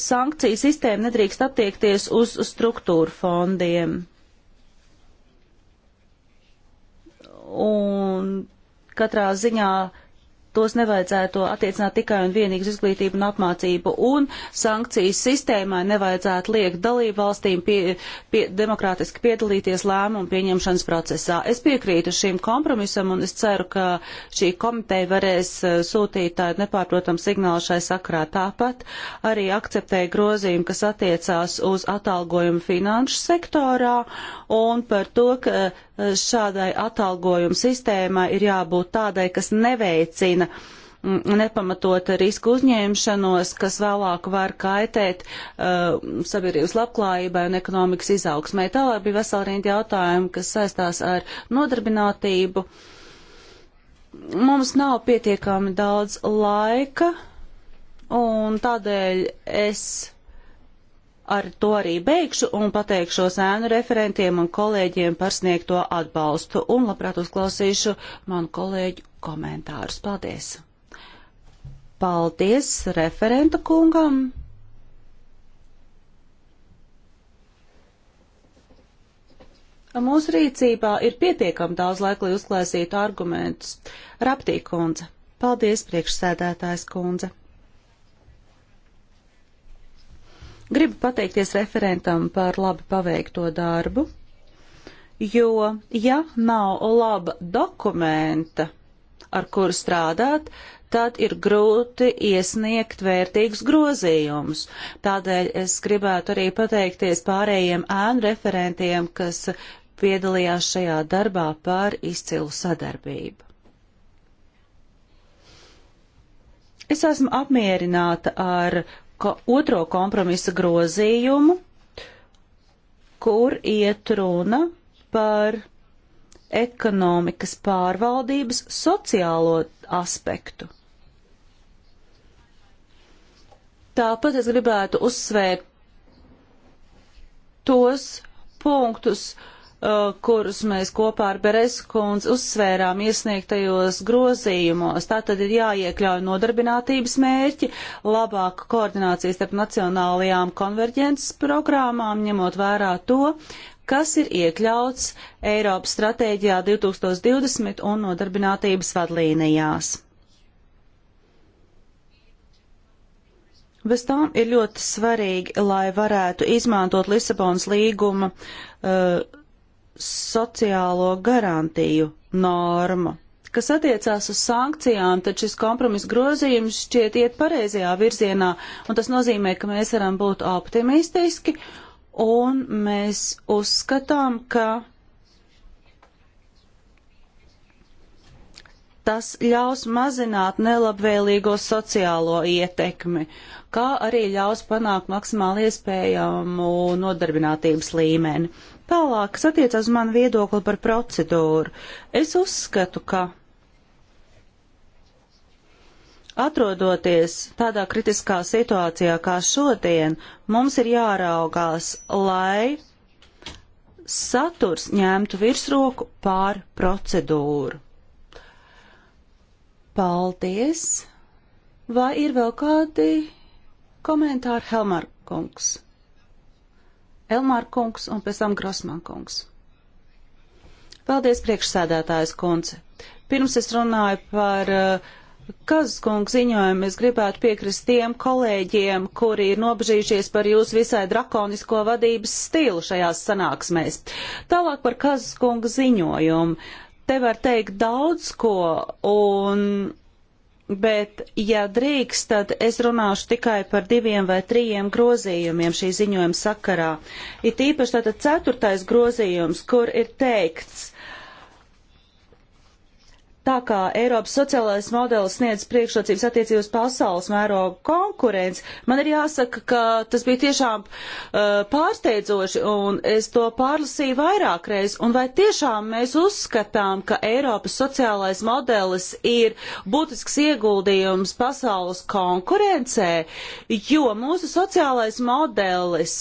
sankciju sistēma nedrīkst attiekties uz struktūru fondiem. un katrā ziņā tos nevajadzētu attiecināt tikai un vienīgi uz izglītību un apmācību, un sankcijas sistēmai nevajadzētu liekt dalību valstīm pie, pie, demokrātiski piedalīties lēmumu pieņemšanas procesā. Es piekrītu šim kompromisam, un es ceru, ka šī komiteja varēs uh, sūtīt tādu nepārprotamu signālu šai sakrā. Tāpat arī akceptēja grozījumu, kas attiecās uz atalgojumu finanšu sektorā, un par to, ka uh, šādai atalgojuma sistēmai ir jābūt tādai, kas neveicina veicina nepamatot risku uzņēmšanos, kas vēlāk var kaitēt uh, sabiedrības labklājībai un ekonomikas izaugsmai. Tālāk bija vesela rinda jautājumu, kas saistās ar nodarbinātību. Mums nav pietiekami daudz laika, un tādēļ es ar to arī beigšu un pateikšos ēnu referentiem un kolēģiem par sniegto atbalstu un labprāt uzklausīšu manu kolēģu komentārus. Paldies! Paldies referenta kungam! Mūsu rīcībā ir pietiekami daudz laika, lai uzklāsītu argumentus. Raptī kundze. Paldies, priekšsēdētājs kundze. Gribu pateikties referentam par labi paveikto darbu, jo, ja nav laba dokumenta, ar kuru strādāt, tad ir grūti iesniegt vērtīgus grozījumus. Tādēļ es gribētu arī pateikties pārējiem ēnu referentiem, kas piedalījās šajā darbā par izcilu sadarbību. Es esmu apmierināta ar ko, otro kompromisa grozījumu, kur iet runa par ekonomikas pārvaldības sociālo aspektu. Tāpat es gribētu uzsvērt tos punktus, uh, Uh, kurus mēs kopā ar Bereskundz uzsvērām iesniegtajos grozījumos. Tā tad ir jāiekļauj nodarbinātības mērķi, labāka koordinācija starp nacionālajām konverģences programmām, ņemot vērā to, kas ir iekļauts Eiropas stratēģijā 2020 un nodarbinātības vadlīnijās. Bez tām ir ļoti svarīgi, lai varētu izmantot Lisabonas līguma uh, sociālo garantiju normu. Kas attiecās uz sankcijām, tad šis kompromiss grozījums šķiet iet pareizajā virzienā, un tas nozīmē, ka mēs varam būt optimistiski, un mēs uzskatām, ka tas ļaus mazināt nelabvēlīgo sociālo ietekmi, kā arī ļaus panākt maksimāli iespējamu nodarbinātības līmeni. Tālāk, kas attiecas uz manu viedokli par procedūru, es uzskatu, ka atrodoties tādā kritiskā situācijā kā šodien, mums ir jāraugās, lai saturs ņemtu virsroku pār procedūru. Paldies! Vai ir vēl kādi komentāri, Helmar kungs? Elmāra kungs un pēc tam Grosman kungs. Paldies, priekšsēdētājs kundze. Pirms es runāju par uh, eh, Kazaskungu ziņojumu, es gribētu piekrist tiem kolēģiem, kuri ir nobežījušies par jūsu visai drakonisko vadības stilu šajās sanāksmēs. Tālāk par Kazaskungu ziņojumu. Te var teikt daudz ko, un Bet, ja drīkst, tad es runāšu tikai par diviem vai trījiem grozījumiem šī ziņojuma sakarā. Ir tīpaši tātad ceturtais grozījums, kur ir teikts, tā kā Eiropas sociālais modelis sniedz priekšrocības attiecības pasaules mēroga konkurence, man ir jāsaka, ka tas bija tiešām uh, pārsteidzoši, un es to pārlasīju vairāk reiz, un vai tiešām mēs uzskatām, ka Eiropas sociālais modelis ir būtisks ieguldījums pasaules konkurencē, jo mūsu sociālais modelis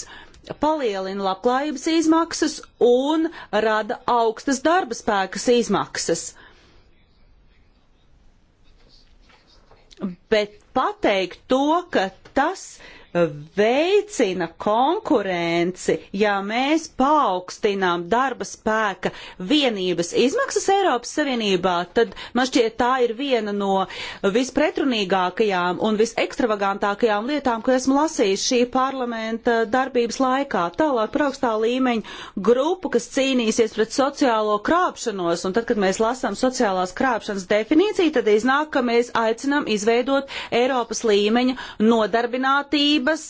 palielina labklājības izmaksas un rada augstas darba spēkas izmaksas. Uh, bet pateikt to, ka tas veicina konkurenci, ja mēs paaugstinām darba spēka vienības izmaksas Eiropas Savienībā, tad man šķiet tā ir viena no vispretrunīgākajām un visekstravagantākajām lietām, ko esmu lasījis šī parlamenta darbības laikā. Tālāk par augstā līmeņa grupu, kas cīnīsies pret sociālo krāpšanos, un tad, kad mēs lasām sociālās krāpšanas definīciju, tad iznāk, ka mēs aicinām izveidot Eiropas līmeņa nodarbinātību vienības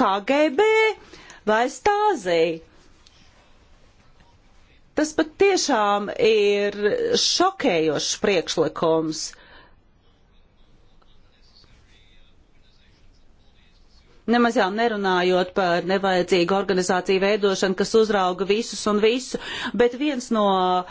KGB vai stāzī. Tas pat tiešām ir šokējošs priekšlikums. Nemaz jau nerunājot par nevajadzīgu organizāciju veidošanu, kas uzrauga visus un visu, bet viens no uh,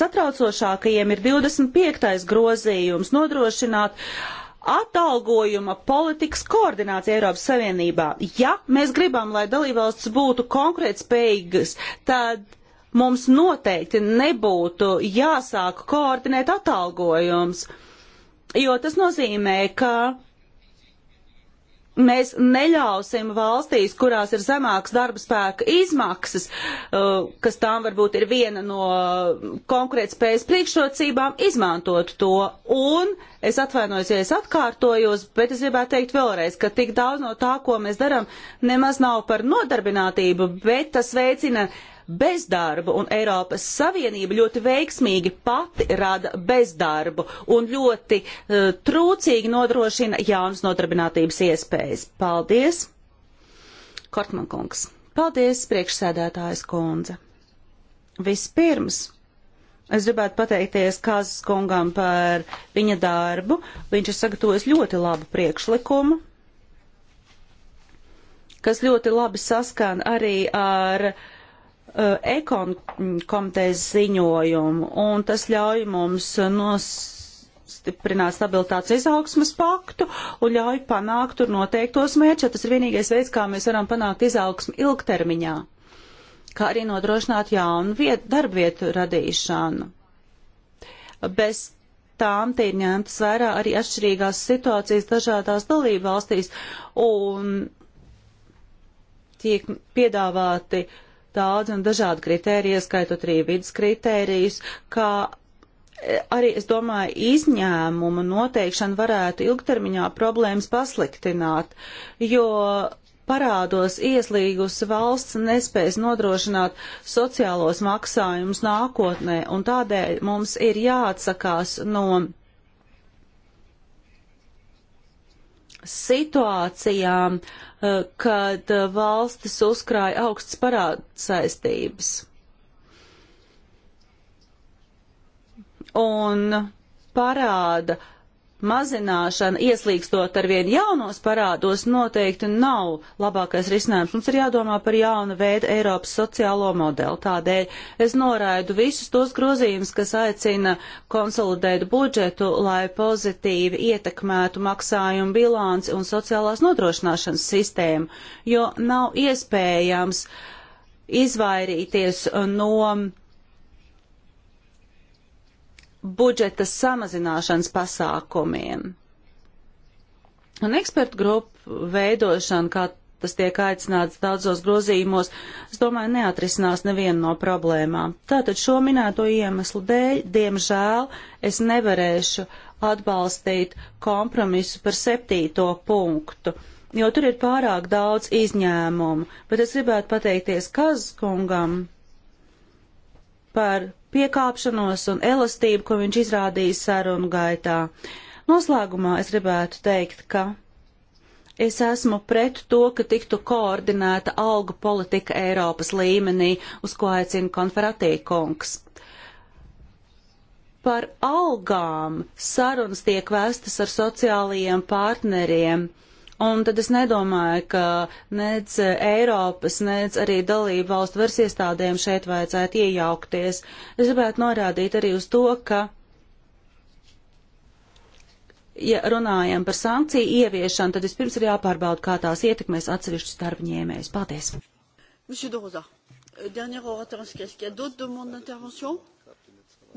satraucošākajiem ir 25. grozījums nodrošināt uh, atalgojuma politikas koordinācija Eiropas Savienībā. Ja mēs gribam, lai dalībvalsts būtu konkurētspējīgas, tad mums noteikti nebūtu jāsāk koordinēt atalgojums, jo tas nozīmē, ka mēs neļausim valstīs, kurās ir zemāks darba spēka izmaksas, uh, kas tām varbūt ir viena no konkurētspējas priekšrocībām, izmantot to. Un es atvainojos, ja es atkārtojos, bet es gribētu teikt vēlreiz, ka tik daudz no tā, ko mēs darām, nemaz nav par nodarbinātību, bet tas veicina bezdarbu, un Eiropas Savienība ļoti veiksmīgi pati rada bezdarbu un ļoti uh, trūcīgi nodrošina jaunas nodarbinātības iespējas. Paldies, Kortman kungs. Paldies, priekšsēdētājs kundze. Vispirms. Es gribētu pateikties Kazas kungam par viņa darbu. Viņš ir sagatavojis ļoti labu priekšlikumu, kas ļoti labi saskan arī ar uh, Eh, ekon komitejas ziņojumu, un tas ļauj mums nos stiprināt stabilitātes izaugsmas paktu un ļauj panākt tur noteiktos mērķus. Tas ir vienīgais veids, kā mēs varam panākt izaugsmu ilgtermiņā, kā arī nodrošināt jaunu viet, darbvietu radīšanu. Bez tām tie ir ņemtas vērā arī atšķirīgās situācijas dažādās dalību valstīs un tiek piedāvāti uh, daudz un dažādu kritēriju, ieskaitot arī vidas kritērijus, kā e, arī, es domāju, izņēmumu noteikšana varētu ilgtermiņā problēmas pasliktināt, jo parādos ieslīgus valsts nespēs nodrošināt sociālos maksājumus nākotnē, un tādēļ mums ir jāatsakās no situācijām, uh, Eh, kad eh, valstis uzkrāja augstas parādu saistības. Un parāda uh, mazināšana, ieslīgstot ar vien jaunos parādos, noteikti nav labākais risinājums. Mums ir jādomā par jaunu veidu Eiropas sociālo modeli. Tādēļ es noraidu visus tos grozījumus, kas aicina konsolidēt budžetu, lai pozitīvi ietekmētu maksājumu bilanci un sociālās nodrošināšanas sistēmu, jo nav iespējams izvairīties no budžeta samazināšanas pasākumiem. Un ekspertu grupu veidošana, kā tas tiek aicināts daudzos grozījumos, es domāju, neatrisinās nevienu no problēmām. Tātad šo minēto iemeslu dēļ, diemžēl, es nevarēšu atbalstīt kompromisu par septīto punktu, jo tur ir pārāk daudz izņēmumu, bet es gribētu pateikties Kazkungam par piekāpšanos un elastību, ko viņš izrādīja sarunu gaitā. Noslēgumā es gribētu teikt, ka Es esmu pret to, ka tiktu koordinēta algu politika Eiropas līmenī, uz ko aicina konferatī kungs. Par algām sarunas tiek vēstas ar sociālajiem partneriem. Un tad es nedomāju, ka nec Eiropas, nec arī dalību valstu varas iestādēm šeit vajadzētu iejaukties. Es gribētu norādīt arī uz to, ka, ja runājam par sankciju ieviešanu, tad vispirms ir jāpārbauda, kā tās ietekmēs atsevišķus darbņēmējus. Paldies! Monsieur Doroza, euh, dernier orateur inscrit. Est-ce qu'il y a d'autres demandes d'intervention?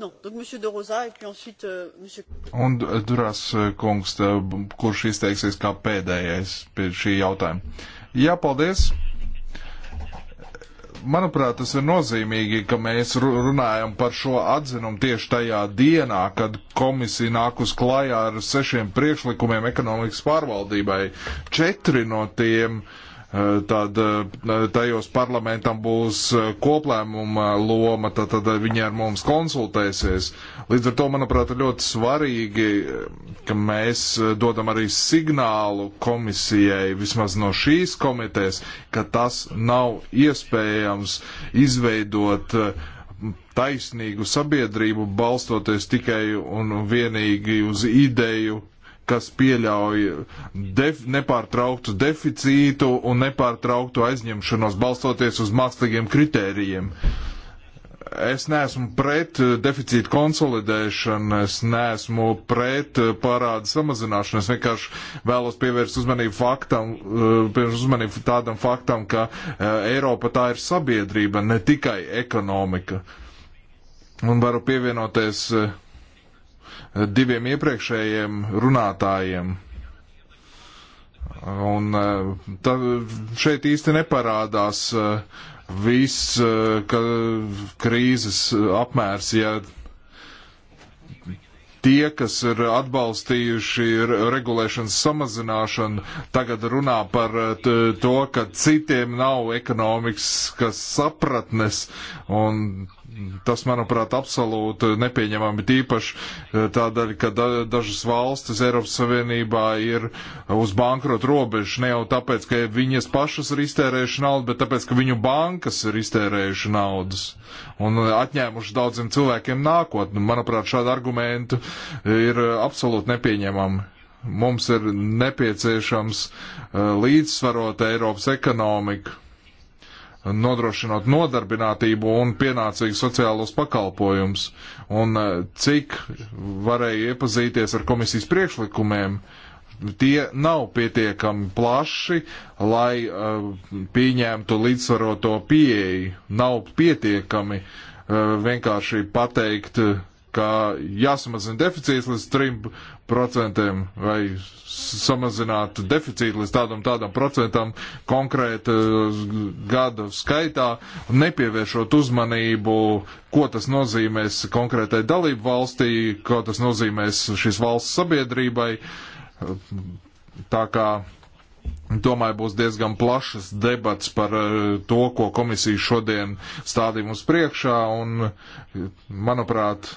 Non, donc Monsieur De Rosa et puis ensuite euh, Monsieur. Un Duras euh, kungs, kurš izteiksies kā pēdējais pie šī jautājuma. Jā, paldies. Manuprāt, tas ir nozīmīgi, ka mēs runājam par šo atzinumu tieši tajā dienā, kad komisija nāk uz klājā ar sešiem priekšlikumiem ekonomikas pārvaldībai. Četri no tiem uh, tad eh, tajos parlamentam būs eh, koplēmuma loma, tad, tad viņi ar mums konsultēsies. Līdz ar to, manuprāt, ir ļoti svarīgi, eh, ka mēs dodam arī signālu komisijai, vismaz no šīs komitejas, ka tas nav iespējams izveidot taisnīgu sabiedrību balstoties tikai un vienīgi uz ideju kas pieļauj def nepārtrauktu deficītu un nepārtrauktu aizņemšanos balstoties uz mākslīgiem kritērijiem. Es neesmu pret deficīta konsolidēšanu, es neesmu pret parādu samazināšanu. Es vienkārši vēlos pievērst uzmanību, faktam, eh, pievērst uzmanību tādam faktam, ka eh, Eiropa tā ir sabiedrība, ne tikai ekonomika. Un varu pievienoties uh, diviem iepriekšējiem runātājiem. Un e, tā, šeit īsti neparādās e, viss e, krīzes apmērs, ja tie, kas ir atbalstījuši regulēšanas samazināšanu, tagad runā par to, ka citiem nav ekonomikas sapratnes, un Tas, manuprāt, absolūti nepieņemami tīpaši eh, tādēļ, ka da dažas valstis Eiropas Savienībā ir uz bankrota robežas ne jau tāpēc, ka viņas pašas ir iztērējuši naudu, bet tāpēc, ka viņu bankas ir iztērējuši naudas un atņēmuši daudziem cilvēkiem nākotni. Manuprāt, šādi argumenti ir absolūti nepieņemami. Mums ir nepieciešams eh, līdzsvarot Eiropas ekonomiku nodrošinot nodarbinātību un pienācīgu sociālos pakalpojumus, un eh, cik varēja iepazīties ar komisijas priekšlikumiem, tie nav pietiekami plaši, lai eh, pieņemtu līdzsvaroto pieeju. Nav pietiekami eh, vienkārši pateikt, ka jāsamazina deficīts līdz 3% vai samazināt deficītu līdz tādam tādam procentam konkrēta uh, gada skaitā, nepievēršot uzmanību, ko tas nozīmēs konkrētai dalību valstī, ko tas nozīmēs šīs valsts sabiedrībai. Tā kā Domāju, būs diezgan plašas debats par uh, to, ko komisija šodien stādīja mums priekšā, un, manuprāt,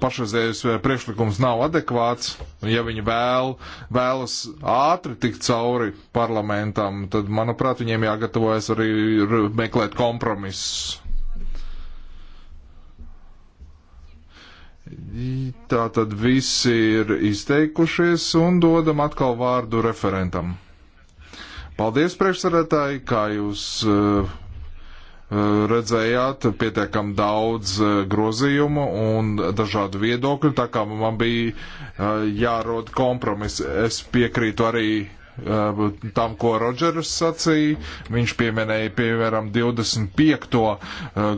pašreizējais eh, priekšlikums nav adekvāts. Ja viņi vēl, vēlas ātri tikt cauri parlamentam, tad, manuprāt, viņiem jāgatavojas arī meklēt kompromisus. Tā tad visi ir izteikušies un dodam atkal vārdu referentam. Paldies, priekšsarētāji, kā jūs eh, redzējāt pietiekam daudz eh, grozījumu un dažādu viedokļu, tā kā man bija eh, jārod kompromis. Es piekrītu arī eh, tam, ko Rodžers sacīja. Viņš pieminēja, piemēram, 25.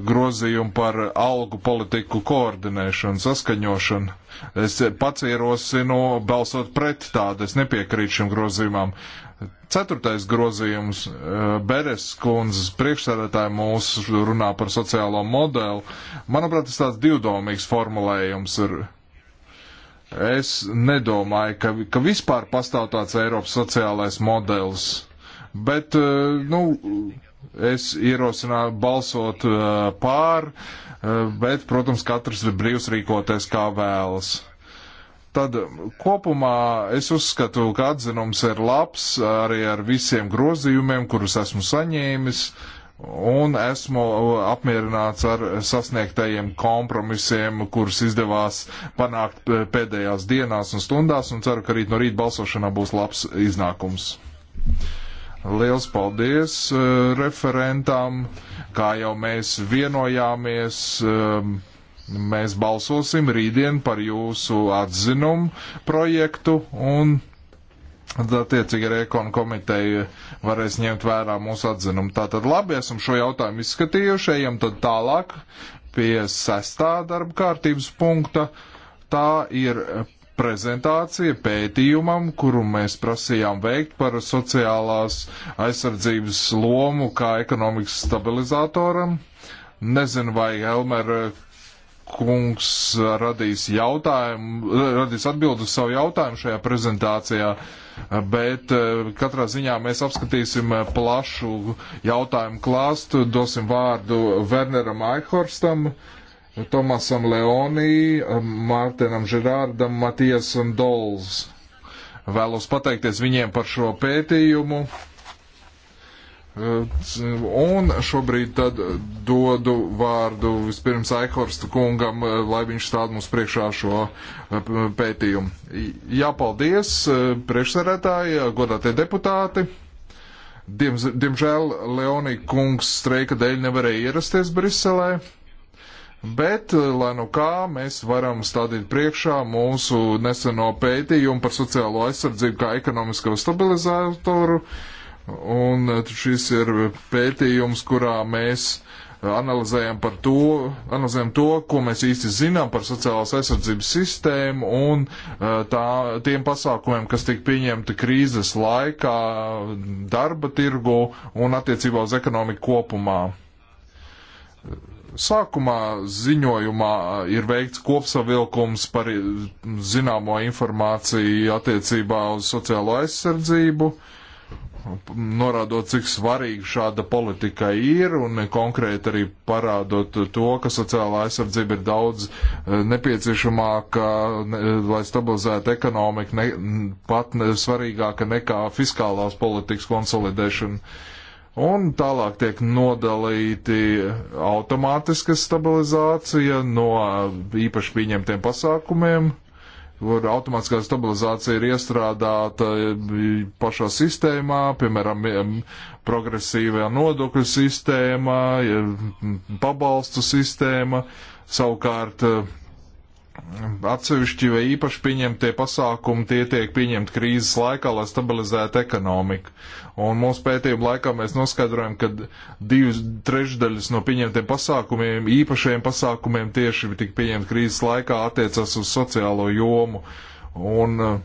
grozījumu par algu politiku koordinēšanu, saskaņošanu. Es pats ierosinu balsot pret tādu, es nepiekrītu šim grozījumam. Uh, Ceturtais grozījums eh, - Beres kundzes priekšsēdētāja mūsu runā par sociālo modeli. Manuprāt, tas tāds divdomīgs formulējums ir. Es nedomāju, ka, ka vispār pastāv tāds Eiropas sociālais modelis, bet, eh, nu, es ierosinātu balsot eh, pār, bet, protams, katrs ir brīvs rīkoties kā vēlas. Tad kopumā es uzskatu, ka atzinums ir labs arī ar visiem grozījumiem, kurus esmu saņēmis, un esmu apmierināts ar sasniegtajiem kompromisiem, kurus izdevās panākt pēdējās dienās un stundās, un ceru, ka rīt no rīta balsošanā būs labs iznākums. Liels paldies uh, referentam, kā jau mēs vienojāmies. Uh, Mēs balsosim rītdien par jūsu atzinumu projektu un tad attiecīgi arī ekonu komiteja varēs ņemt vērā mūsu atzinumu. Tātad labi, esam šo jautājumu izskatījuši, ejam tad tālāk pie sestā darba kārtības punkta. Tā ir prezentācija pētījumam, kuru mēs prasījām veikt par sociālās aizsardzības lomu kā ekonomikas stabilizatoram. Nezinu, vai Elmer kungs radīs jautājumu, radīs atbildu uz savu jautājumu šajā prezentācijā, bet eh, katrā ziņā mēs apskatīsim eh, plašu jautājumu klāstu, dosim vārdu Werneram Aikorstam, Tomasam Leonī, Mārtenam Žirārdam, Matiesam Dols. Vēlos pateikties viņiem par šo pētījumu Eh, un šobrīd tad dodu vārdu vispirms Aikhorstu kungam, eh, lai viņš stād mums priekšā šo eh, pētījumu. Jā, paldies, priekšsarētāji, godātie deputāti. Diems, diemžēl Leonī kungs streika dēļ nevarēja ierasties Briselē, bet, lai nu kā, mēs varam stādīt priekšā mūsu neseno pētījumu par sociālo aizsardzību kā ekonomisko stabilizātoru. Uh, Un eh, šis ir pētījums, kurā mēs eh, analizējam, to, analizējam to, ko mēs īsti zinām par sociālās aizsardzības sistēmu un eh, tā, tiem pasākumiem, kas tika pieņemti krīzes laikā, darba tirgu un attiecībā uz ekonomiku kopumā. Sākumā ziņojumā ir veikts kopsavilkums par zināmo informāciju attiecībā uz sociālo aizsardzību. Uh, norādot, cik svarīga šāda politika ir un konkrēti arī parādot to, ka sociālā aizsardzība ir daudz eh, nepieciešamāka, lai stabilizētu ekonomiku, ne, pat ne, svarīgāka nekā fiskālās politikas konsolidēšana. Un tālāk tiek nodalīti automātiska stabilizācija no eh, īpaši pieņemtiem pasākumiem, kur automātiskā stabilizācija ir iestrādāta e, pašā sistēmā, piemēram, e, progresīvajā nodokļu sistēmā, e, pabalstu sistēma, savukārt atsevišķi vai īpaši pieņemtie pasākumi tie tiek pieņemti krīzes laikā, lai stabilizētu ekonomiku. Un mūsu pētījuma laikā mēs noskaidrojam, ka divas trešdaļas no pieņemtiem pasākumiem, īpašajiem pasākumiem tieši tika pieņemti krīzes laikā attiecas uz sociālo jomu. Un uh,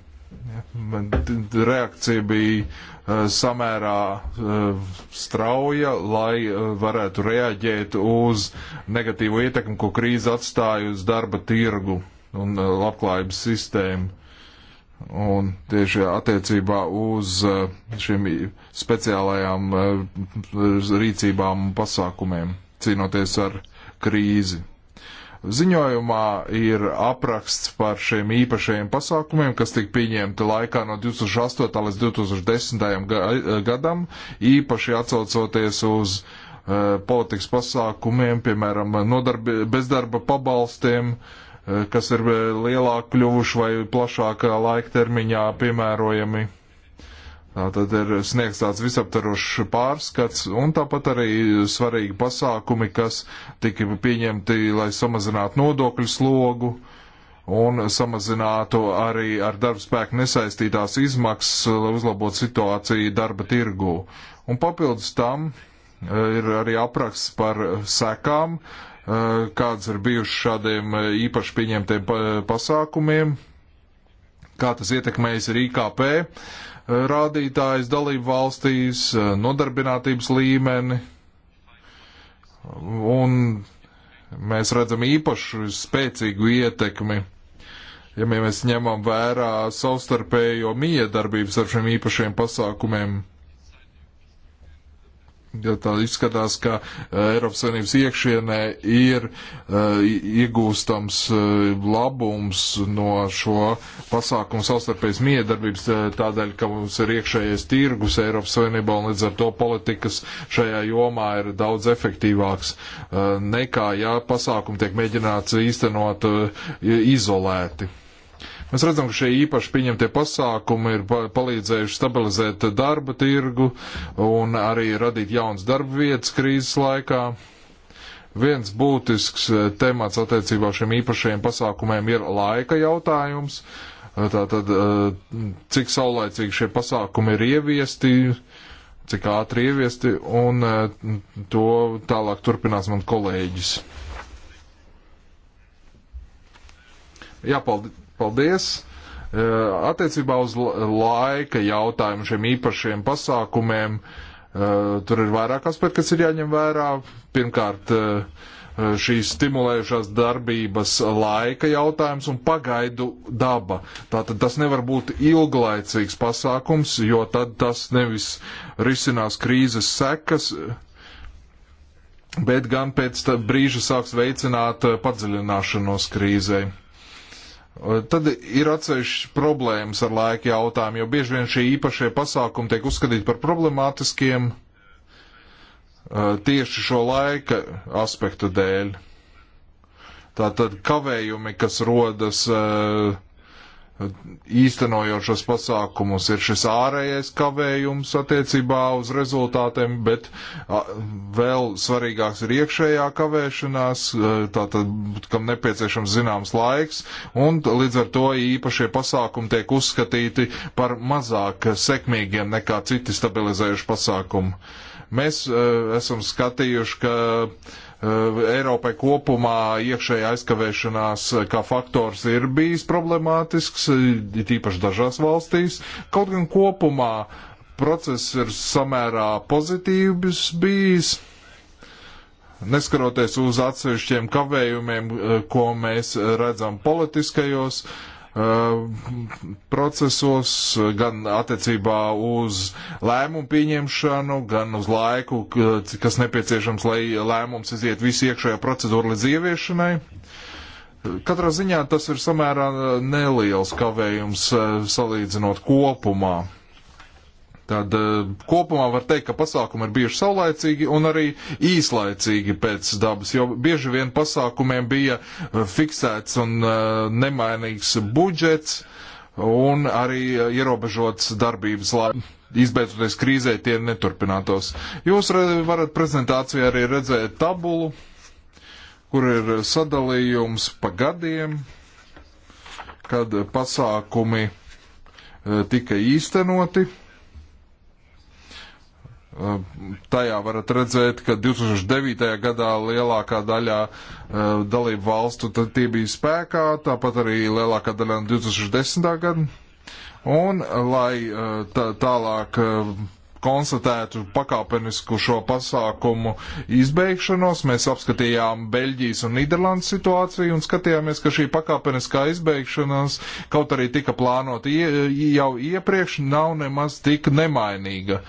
Reakcija bija e, samērā e, strauja, lai e, varētu reaģēt uz negatīvo ietekmi, ko krīze atstāja uz darba tirgu un labklājības sistēmu. Un tieši attiecībā uz šiem speciālajām rīcībām un pasākumiem, cīnoties ar krīzi. Ziņojumā ir apraksts par šiem īpašajiem pasākumiem, kas tika pieņemti laikā no 2008. līdz 2010. Eh, gadam, īpaši atsaucoties uz uh, politikas pasākumiem, piemēram, nodarbi, bezdarba pabalstiem, uh, kas ir lielāk kļuvuši vai plašākā laika termiņā piemērojami. Tad ir sniegts tāds visaptarošs pārskats un tāpat arī svarīgi pasākumi, kas tika pieņemti, lai samazinātu nodokļu slogu un samazinātu arī ar darbspēku nesaistītās izmaksas, lai uzlabotu situāciju darba tirgū. Un papildus tam ir arī apraksts par sekām, kādas ir bijušas šādiem īpaši pieņemtiem pasākumiem, kā tas ietekmējis ar IKP, rādītājs dalību valstīs, eh, nodarbinātības līmeni. Un mēs redzam īpašu spēcīgu ietekmi, ja mēs ņemam vērā savstarpējo miedarbības ar šiem īpašiem pasākumiem. Tā izskatās, ka eh, Eiropas Savienības iekšienē ir uh, iegūstams uh, labums no šo pasākumu savstarpējas miedarbības tādēļ, ka mums ir iekšējais tirgus Eiropas Savienībā un līdz ar to politikas šajā jomā ir daudz efektīvāks uh, nekā, ja pasākumi tiek mēģināts īstenot izolēti. Mēs redzam, ka šie īpaši pieņemtie pasākumi ir palīdzējuši stabilizēt darba tirgu un arī radīt jaunas darba vietas krīzes laikā. Viens būtisks eh, temats attiecībā šiem īpašajiem pasākumiem ir laika jautājums. Tātad, eh, cik saulēcīgi šie pasākumi ir ieviesti, cik ātri ieviesti, un eh, to tālāk turpinās man kolēģis. Jāpaldies. Paldies! Eh, attiecībā uz laika jautājumu šiem īpašiem pasākumiem, eh, tur ir vairāk aspekti, kas ir jāņem vērā. Pirmkārt, eh, šīs stimulējušās darbības laika jautājums un pagaidu daba. Tātad tas nevar būt ilglaicīgs pasākums, jo tad tas nevis risinās krīzes sekas, bet gan pēc brīža sāks veicināt padziļināšanos krīzei. Tad ir atsevišķas problēmas ar laika jautājumu, jo bieži vien šie īpašie pasākumi tiek uzskatīti par problemātiskiem tieši šo laika aspektu dēļ. Tātad kavējumi, kas rodas uh, īstenojošos pasākumus ir šis ārējais kavējums attiecībā uz rezultātiem, bet vēl svarīgāks ir iekšējā kavēšanās, tātad, kam nepieciešams zināms laiks, un līdz ar to īpašie pasākumi tiek uzskatīti par mazāk sekmīgiem nekā citi stabilizējuši pasākumi. Mēs uh, esam skatījuši, ka uh, Eh, Eiropai kopumā iekšējā aizkavēšanās eh, kā faktors ir bijis problemātisks, eh, tīpaši dažās valstīs. Kaut gan kopumā process ir samērā pozitīvs bijis. Neskaroties uz atsevišķiem kavējumiem, ko mēs redzam politiskajos uh, Uh, procesos, gan attiecībā uz lēmumu pieņemšanu, gan uz laiku, kas nepieciešams, lai lēmums iziet visu iekšējā procedūra līdz ieviešanai. Katrā ziņā tas ir samērā neliels kavējums uh, salīdzinot kopumā. Tad eh, kopumā var teikt, ka pasākumi ir bijuši saulaicīgi un arī īslaicīgi pēc dabas, jo bieži vien pasākumiem bija eh, fiksēts un eh, nemainīgs budžets un arī ierobežots darbības laiks. Izbeidzoties krīzē, tie neturpinātos. Jūs varat prezentācijā arī redzēt tabulu, kur ir sadalījums pa gadiem, kad pasākumi tika īstenoti. Tajā varat redzēt, ka 2009. gadā lielākā daļā e, dalību valstu tie bija spēkā, tāpat arī lielākā daļā no 2010. gada. Un, lai e, tā, tālāk e, konstatētu pakāpenisku šo pasākumu izbeigšanos. Mēs apskatījām Beļģijas un Nīderlandes situāciju un skatījāmies, ka šī pakāpeniskā izbeigšanās, kaut arī tika plānota jau iepriekš, nav nemaz tik nemainīga.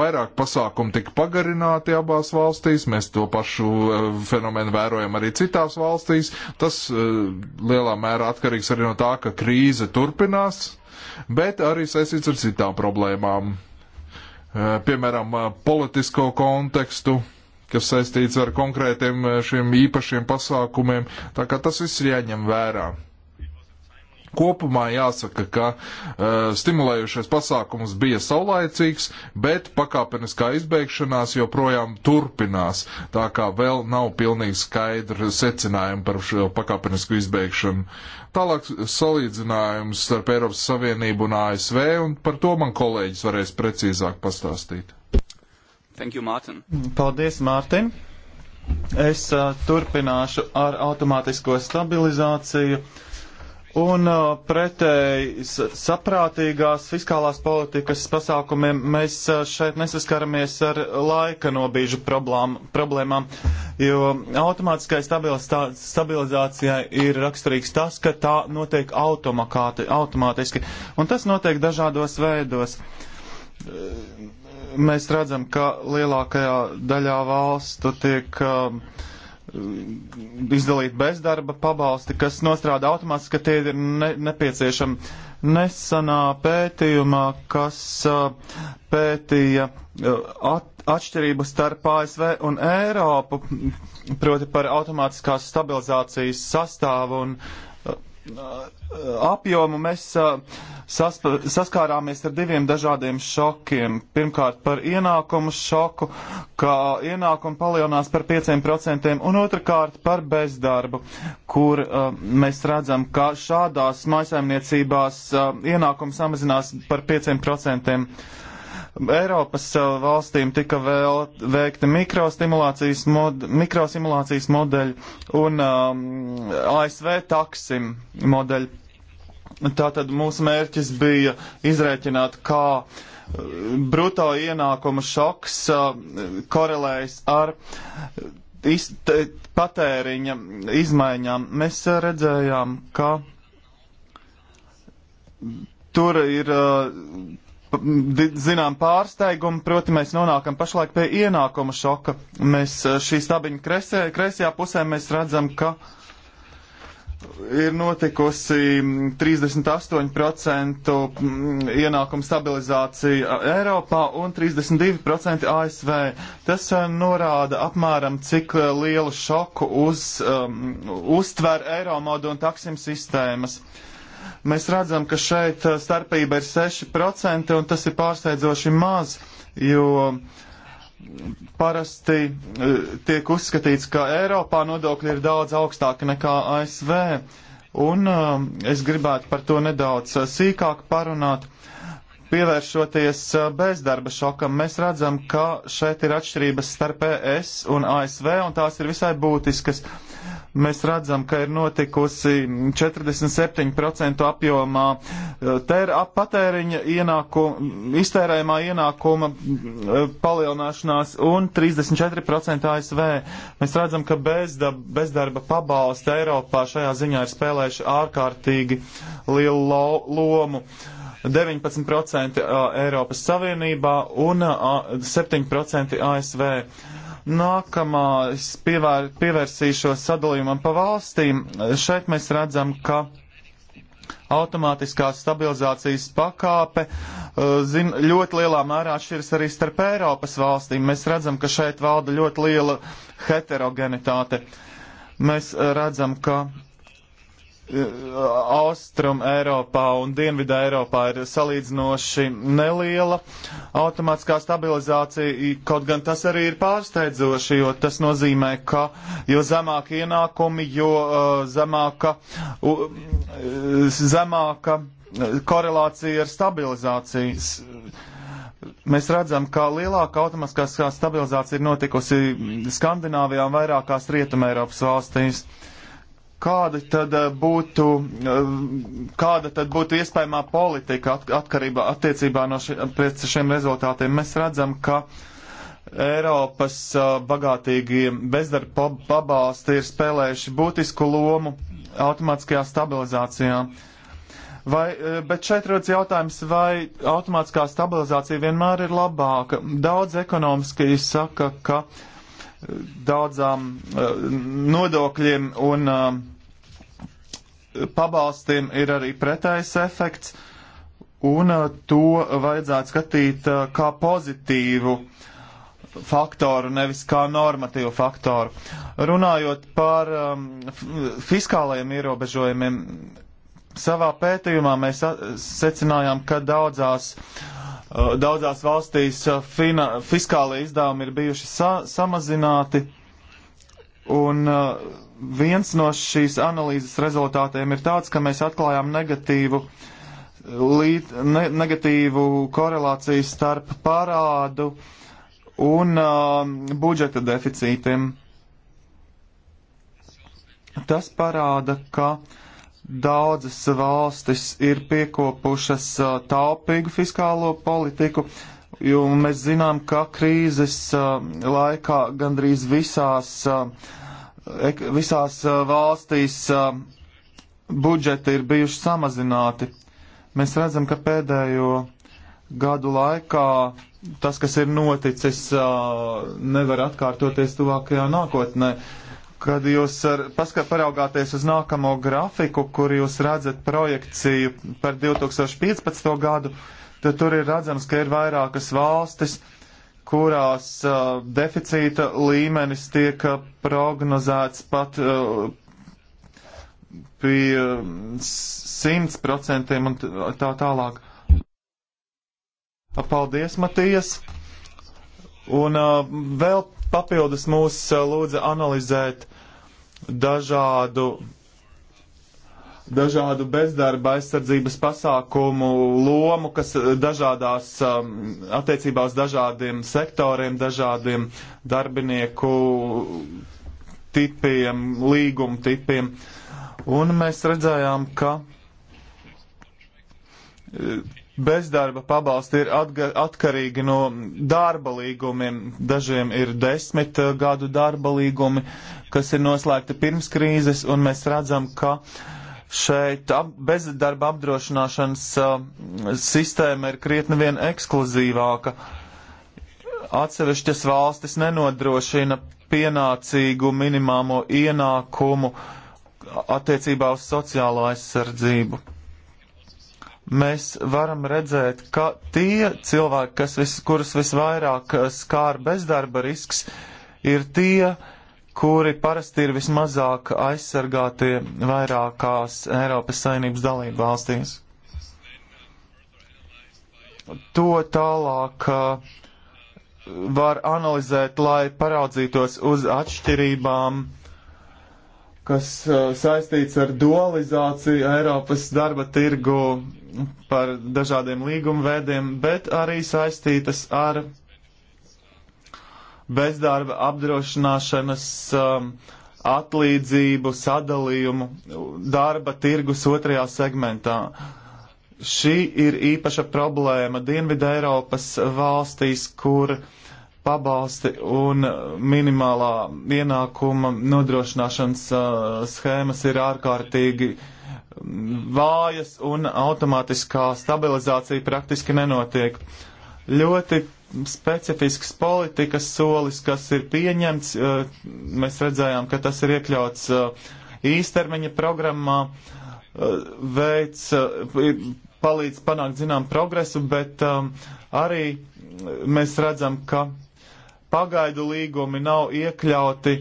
Vairāk pasākumu tika pagarināti abās valstīs, mēs to pašu e, fenomenu vērojam arī citās valstīs. Tas e, lielā mērā atkarīgs arī no tā, ka krīze turpinās, bet arī saistīts ar citām problēmām Eh, piemēram, eh, politisko kontekstu, kas saistīts ar konkrētiem eh, šiem īpašiem pasākumiem. Tā kā tas viss ir jāņem vērā. Kopumā jāsaka, ka uh, stimulējušais pasākums bija saulaicīgs, bet pakāpeniskā izbeigšanās joprojām turpinās, tā kā vēl nav pilnīgi skaidra secinājuma par šo pakāpenisku izbeigšanu. Tālāk salīdzinājums starp Eiropas Savienību un ASV, un par to man kolēģis varēs precīzāk pastāstīt. Thank you, Martin. Paldies, Mārtiņ! Es uh, turpināšu ar automātisko stabilizāciju. Uh, Un uh, pretēji saprātīgās fiskālās politikas pasākumiem mēs uh, šeit nesaskaramies ar laika nobīžu problēmām, jo automātiskai stabilizācijai ir raksturīgs tas, ka tā notiek automātiski. Un tas notiek dažādos veidos. Mēs redzam, ka lielākajā daļā valstu tiek. Uh, izdalīt bezdarba pabalsti, kas nostrādā automātiski, ka tie ir ne, nepieciešami. Nesanā pētījumā, kas pētīja at, atšķirību starp ASV un Eiropu, proti par automātiskās stabilizācijas sastāvu un uh, Uh, apjomu mēs uh, saspa, saskārāmies ar diviem dažādiem šokiem. Pirmkārt, par ienākumu šoku, ka ienākumi palielinās par 5%, un otrkārt par bezdarbu, kur uh, mēs redzam, ka šādās maisaimniecībās uh, ienākumi samazinās par 5%. Eiropas eh, valstīm tika vēl veikti mikrostimulācijas, mod, mikrosimulācijas modeļi un um, ehm, ASV taksim modeļi. Tātad mūsu mērķis bija izrēķināt, kā eh, bruto ienākumu šoks eh, korelējas ar iz, t, patēriņa izmaiņām. Mēs redzējām, ka tur ir zinām pārsteigumu, proti mēs nonākam pašlaik pie ienākuma šoka. Mēs e, šī stabiņa kresē, kreisajā pusē mēs redzam, ka ir notikusi 38% ienākuma stabilizācija Eiropā un 32% ASV. Tas e, norāda apmēram, cik e, lielu šoku uz, um, uztver Eiromodu un taksim sistēmas. Uh, Mēs redzam, ka šeit uh, starpība ir 6%, un tas ir pārsteidzoši maz, jo parasti uh, tiek uzskatīts, ka Eiropā nodokļi ir daudz augstāki nekā ASV. Un um, es gribētu par to nedaudz uh, sīkāk parunāt. Pievēršoties bezdarba šokam, mēs redzam, ka šeit ir atšķirības starp ES un ASV, un tās ir visai būtiskas. Uh, mēs redzam, ka ir notikusi 47% apjomā e, tēr, patēriņa ienākuma, iztērējumā ienākuma e, palielināšanās un 34% ASV. Mēs redzam, ka bezda, bezdarba pabalsta Eiropā šajā ziņā ir spēlējuši ārkārtīgi lielu lo, lomu. 19% e, Eiropas Savienībā un 7% ASV. Nākamā es pievēr, pievērsīšos sadalījumam pa valstīm. Šeit mēs redzam, ka automātiskā stabilizācijas pakāpe uh, zin, ļoti lielā mērā atšķiras arī starp Eiropas valstīm. Mēs redzam, ka šeit valda ļoti liela heterogenitāte. Mēs uh, redzam, ka Austrum Eiropā un Dienvidu Eiropā ir salīdzinoši neliela automātiskā stabilizācija, kaut gan tas arī ir pārsteidzoši, jo tas nozīmē, ka jo zemāk ienākumi, jo uh, zemāka, uh, zemāka uh, korelācija ar stabilizācijas. Mēs redzam, ka lielāka automātiskā stabilizācija ir notikusi Skandināvijā un vairākās Rietumē Eiropas valstīs. Uh, kāda tad eh, būtu, eh, kāda tad būtu iespējamā politika atkarībā attiecībā no ši, pēc šiem rezultātiem. Mēs redzam, ka Eiropas eh, bagātīgie bezdarba pabalsti ir spēlējuši būtisku lomu automātiskajā stabilizācijā. Vai, bet šeit rodas jautājums, vai automātiskā stabilizācija vienmēr ir labāka. Daudz ekonomiski saka, ka daudzām nodokļiem un pabalstiem ir arī pretējs efekts, un uh, to vajadzētu skatīt uh, kā pozitīvu faktoru, nevis kā normatīvu faktoru. Runājot par um, fiskālajiem ierobežojumiem, savā pētījumā mēs uh, secinājām, ka daudzās, daudzās valstīs fina, fiskālie izdevumi ir bijuši sa samazināti, un uh, viens no šīs analīzes rezultātiem ir tāds, ka mēs atklājām negatīvu, līd, ne, negatīvu korelāciju starp parādu un uh, budžeta deficītiem. Tas parāda, ka daudzas valstis ir piekopušas uh, taupīgu fiskālo politiku, jo mēs zinām, ka krīzes uh, laikā gandrīz visās uh, visās valstīs budžeti ir bijuši samazināti. Mēs redzam, ka pēdējo gadu laikā tas, kas ir noticis, nevar atkārtoties tuvākajā nākotnē. Kad jūs paraugāties uz nākamo grafiku, kur jūs redzat projekciju par 2015. gadu, tad tur ir redzams, ka ir vairākas valstis, uh, kurās uh, deficīta līmenis tiek uh, prognozēts pat uh, pie 100% um, un uh, tā tālāk. Paldies, Matijas! Un uh, vēl papildus mūs uh, lūdza analizēt dažādu dažādu bezdarba aizsardzības pasākumu lomu, kas eh, dažādās um, attiecībās dažādiem sektoriem, dažādiem darbinieku tipiem, līguma tipiem. Un mēs redzējām, ka eh, bezdarba pabalsti ir atkarīgi no darba līgumiem. Dažiem ir desmit eh, gadu darba līgumi, kas ir noslēgti pirms krīzes, un mēs redzam, ka uh, Šeit ap, bezdarba apdrošināšanas uh, sistēma ir krietni vien ekskluzīvāka. Atsevišķas valstis nenodrošina pienācīgu minimāmo ienākumu attiecībā uz sociālo aizsardzību. Mēs varam redzēt, ka tie cilvēki, kas vis, kurus visvairāk skār bezdarba risks, ir tie, uh, kuri parasti ir vismazāk aizsargātie vairākās Eiropas Savienības dalību valstīs. To tālāk uh, var analizēt, lai paraudzītos uz atšķirībām, kas uh, saistīts ar dualizāciju Eiropas darba tirgu par dažādiem līguma veidiem, bet arī saistītas ar bezdarba apdrošināšanas um, atlīdzību sadalījumu darba tirgus otrajā segmentā. Šī ir īpaša problēma Dienvidē Eiropas valstīs, kur pabalsti un minimālā ienākuma nodrošināšanas uh, schēmas ir ārkārtīgi um, vājas un automātiskā stabilizācija praktiski nenotiek. Uh, ļoti specifisks politikas solis, kas ir pieņemts. Mēs redzējām, ka tas ir iekļauts īstermiņa programmā, veids, palīdz panākt zinām progresu, bet arī mēs redzam, ka pagaidu līgumi nav iekļauti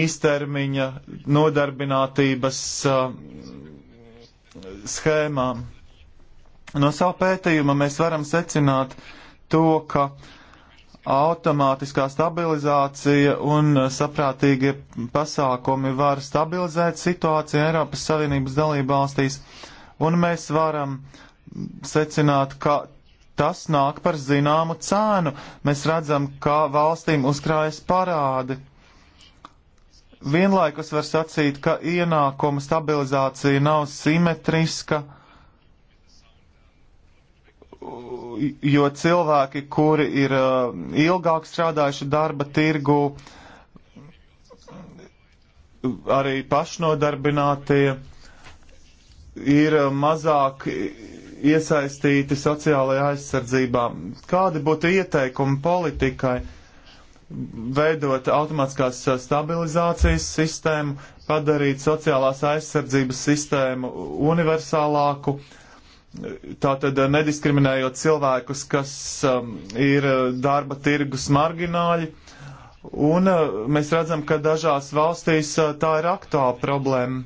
īstermiņa nodarbinātības schēmām. No savu pētījumu mēs varam secināt, uh, to, ka automātiskā stabilizācija un saprātīgie pasākumi var stabilizēt situāciju Eiropas Savienības dalībvalstīs, un mēs varam secināt, ka tas nāk par zināmu cēnu. Mēs redzam, kā valstīm uzkrājas parādi. Vienlaikus var sacīt, ka ienākuma stabilizācija nav simetriska jo cilvēki, kuri ir eh, ilgāk strādājuši darba tirgu, arī pašnodarbinātie, ir eh, mazāk iesaistīti sociālajā aizsardzībā. Kādi būtu ieteikumi politikai veidot automātiskās eh, stabilizācijas sistēmu, padarīt sociālās aizsardzības sistēmu universālāku? Uh, Tātad eh, nediskriminējot cilvēkus, kas um, ir eh, darba tirgus margināļi, un uh, mēs redzam, ka dažās valstīs uh, tā ir aktuāla problēma.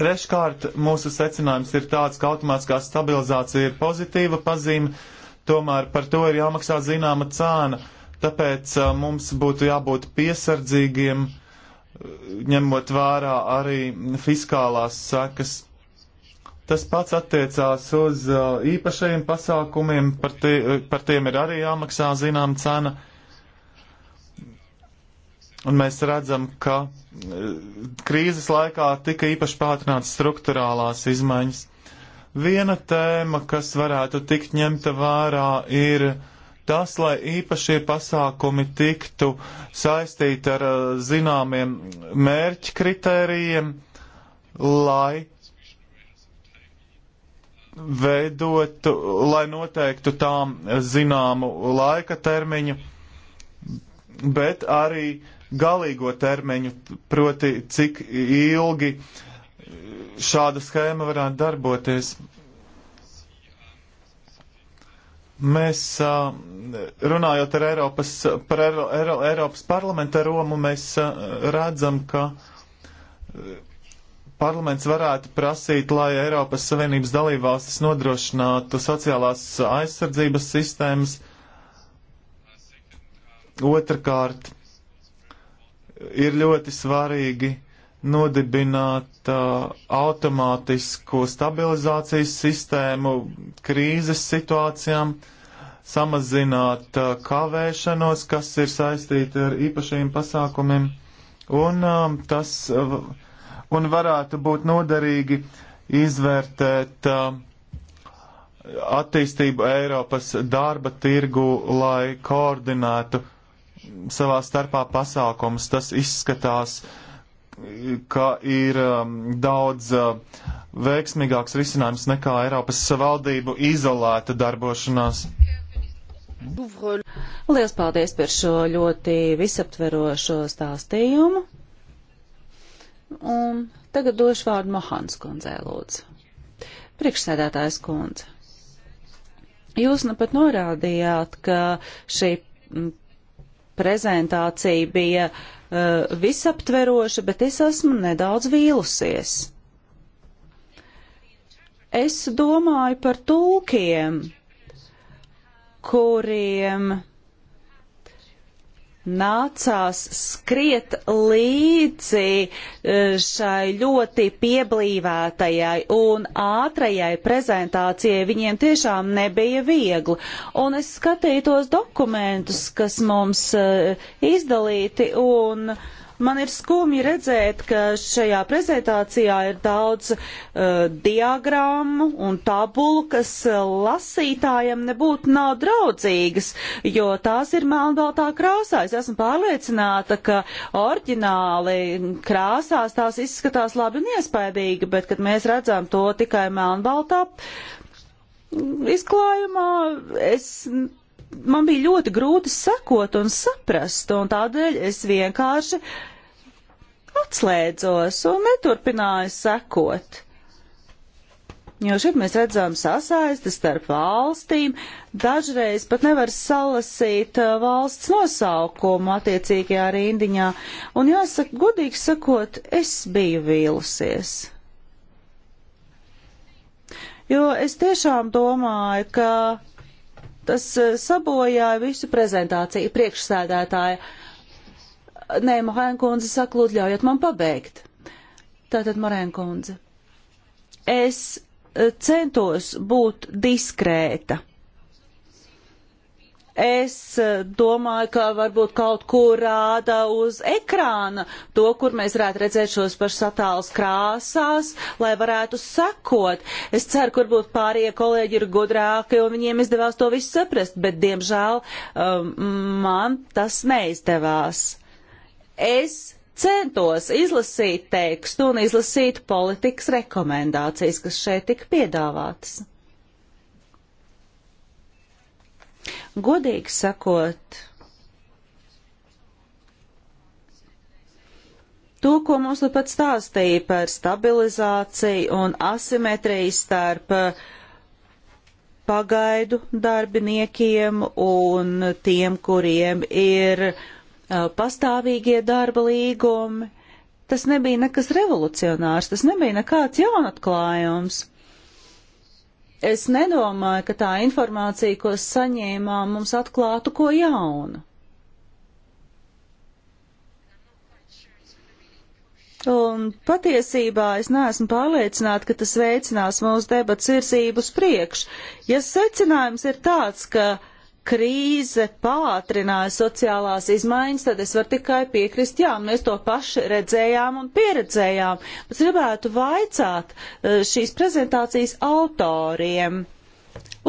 Treškārt, mūsu secinājums ir tāds, ka automātiskā stabilizācija ir pozitīva pazīme, tomēr par to ir jāmaksā zināma cēna, tāpēc uh, mums būtu jābūt piesardzīgiem, ņemot vērā arī fiskālās sekas. Uh, Tas pats attiecās uz uh, īpašajiem pasākumiem, par, tie, par tiem ir arī jāmaksā zinām cena. Un mēs redzam, ka uh, krīzes laikā tika īpaši pātrināts struktūrālās izmaiņas. Viena tēma, kas varētu tikt ņemta vērā, ir tas, lai īpašie pasākumi tiktu saistīti ar uh, zināmiem mērķkritērijiem, lai veidotu, lai noteiktu tām zināmu laika termiņu, bet arī galīgo termiņu, proti cik ilgi šāda schēma varētu darboties. Mēs, runājot ar Eiropas, par Eiro, Eiro, Eiropas parlamenta romu, mēs redzam, ka parlaments varētu prasīt, lai Eiropas Savienības dalībvalstis nodrošinātu sociālās aizsardzības sistēmas. Otrakārt, ir ļoti svarīgi nodibināt uh, automātisku stabilizācijas sistēmu krīzes situācijām, samazināt uh, kavēšanos, kas ir saistīti ar īpašiem pasākumiem, un uh, tas. Uh, un varētu būt noderīgi izvērtēt uh, attīstību Eiropas darba tirgu, lai koordinētu savā starpā pasākums. Tas izskatās, ka ir um, daudz uh, veiksmīgāks risinājums nekā Eiropas valdību izolēta darbošanās. Liels paldies par šo ļoti visaptverošo stāstījumu. Un tagad došu vārdu Mohāns kundzē, lūdzu. Priekšsēdētājs kundze. Jūs nu pat norādījāt, ka šī prezentācija bija uh, visaptveroša, bet es esmu nedaudz vīlusies. Es domāju par tulkiem, kuriem nācās skriet līdzi e, šai ļoti pieblīvētajai un ātrajai prezentācijai. Viņiem tiešām nebija viegli. Un es skatīju tos dokumentus, kas mums e, izdalīti, un uh, Man ir skumji redzēt, ka šajā prezentācijā ir daudz uh, diagrammu un tabulu, kas uh, lasītājiem nebūtu nav draudzīgas, jo tās ir melnbaltā krāsā. Es esmu pārliecināta, ka oriģināli krāsās tās izskatās labi un iespaidīgi, bet kad mēs redzam to tikai melnbaltā izklājumā, es man bija ļoti grūti sekot un saprast, un tādēļ es vienkārši atslēdzos un neturpināju sekot. Jo šeit mēs redzam sasaisti starp valstīm, dažreiz pat nevar salasīt uh, valsts nosaukumu attiecīgajā rindiņā, un jāsaka, godīgi sakot, es biju vīlusies. Jo es tiešām domāju, ka Tas eh, sabojāja visu prezentāciju priekšsēdētāja. Nē, Mohēna kundze saka, lūdzu, ļaujiet man pabeigt. Tātad, Morēna kundze, es eh, centos būt diskrēta Es eh, domāju, ka varbūt kaut kur rāda uz ekrāna to, kur mēs varētu redzēt šos pašus attēlus krāsās, lai varētu sekot. Es ceru, ka varbūt pārējie kolēģi ir gudrāki un viņiem izdevās to visu saprast, bet diemžēl um, man tas neizdevās. Es centos izlasīt tekstu un izlasīt politikas rekomendācijas, kas šeit tika piedāvātas. Godīgi sakot, to, ko mums nu pat stāstīja par stabilizāciju un asimetriju starp uh, pagaidu darbiniekiem un tiem, kuriem ir uh, pastāvīgie darba līgumi, tas nebija nekas revolucionārs, tas nebija nekāds jaunatklājums es nedomāju, ka tā informācija, ko saņēmām, mums atklātu ko jaunu. Un patiesībā es neesmu pārliecināta, ka tas veicinās mūsu debats virsību uz priekšu. Ja secinājums ir tāds, ka uh, krīze pātrināja sociālās izmaiņas, tad es varu tikai piekrist, jā, mēs to paši redzējām un pieredzējām. Bet gribētu vaicāt e, šīs prezentācijas autoriem,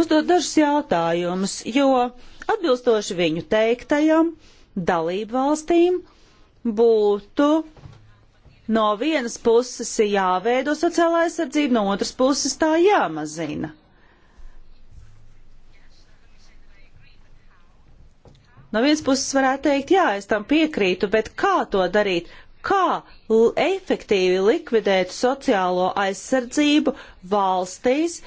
uzdot dažus jautājumus, jo atbilstoši viņu teiktajam, dalību valstīm būtu no vienas puses jāveido sociālā aizsardzība, no otras puses tā jāmazina. No vienas puses varētu teikt, jā, es tam piekrītu, bet kā to darīt? Kā efektīvi likvidēt sociālo aizsardzību valstīs,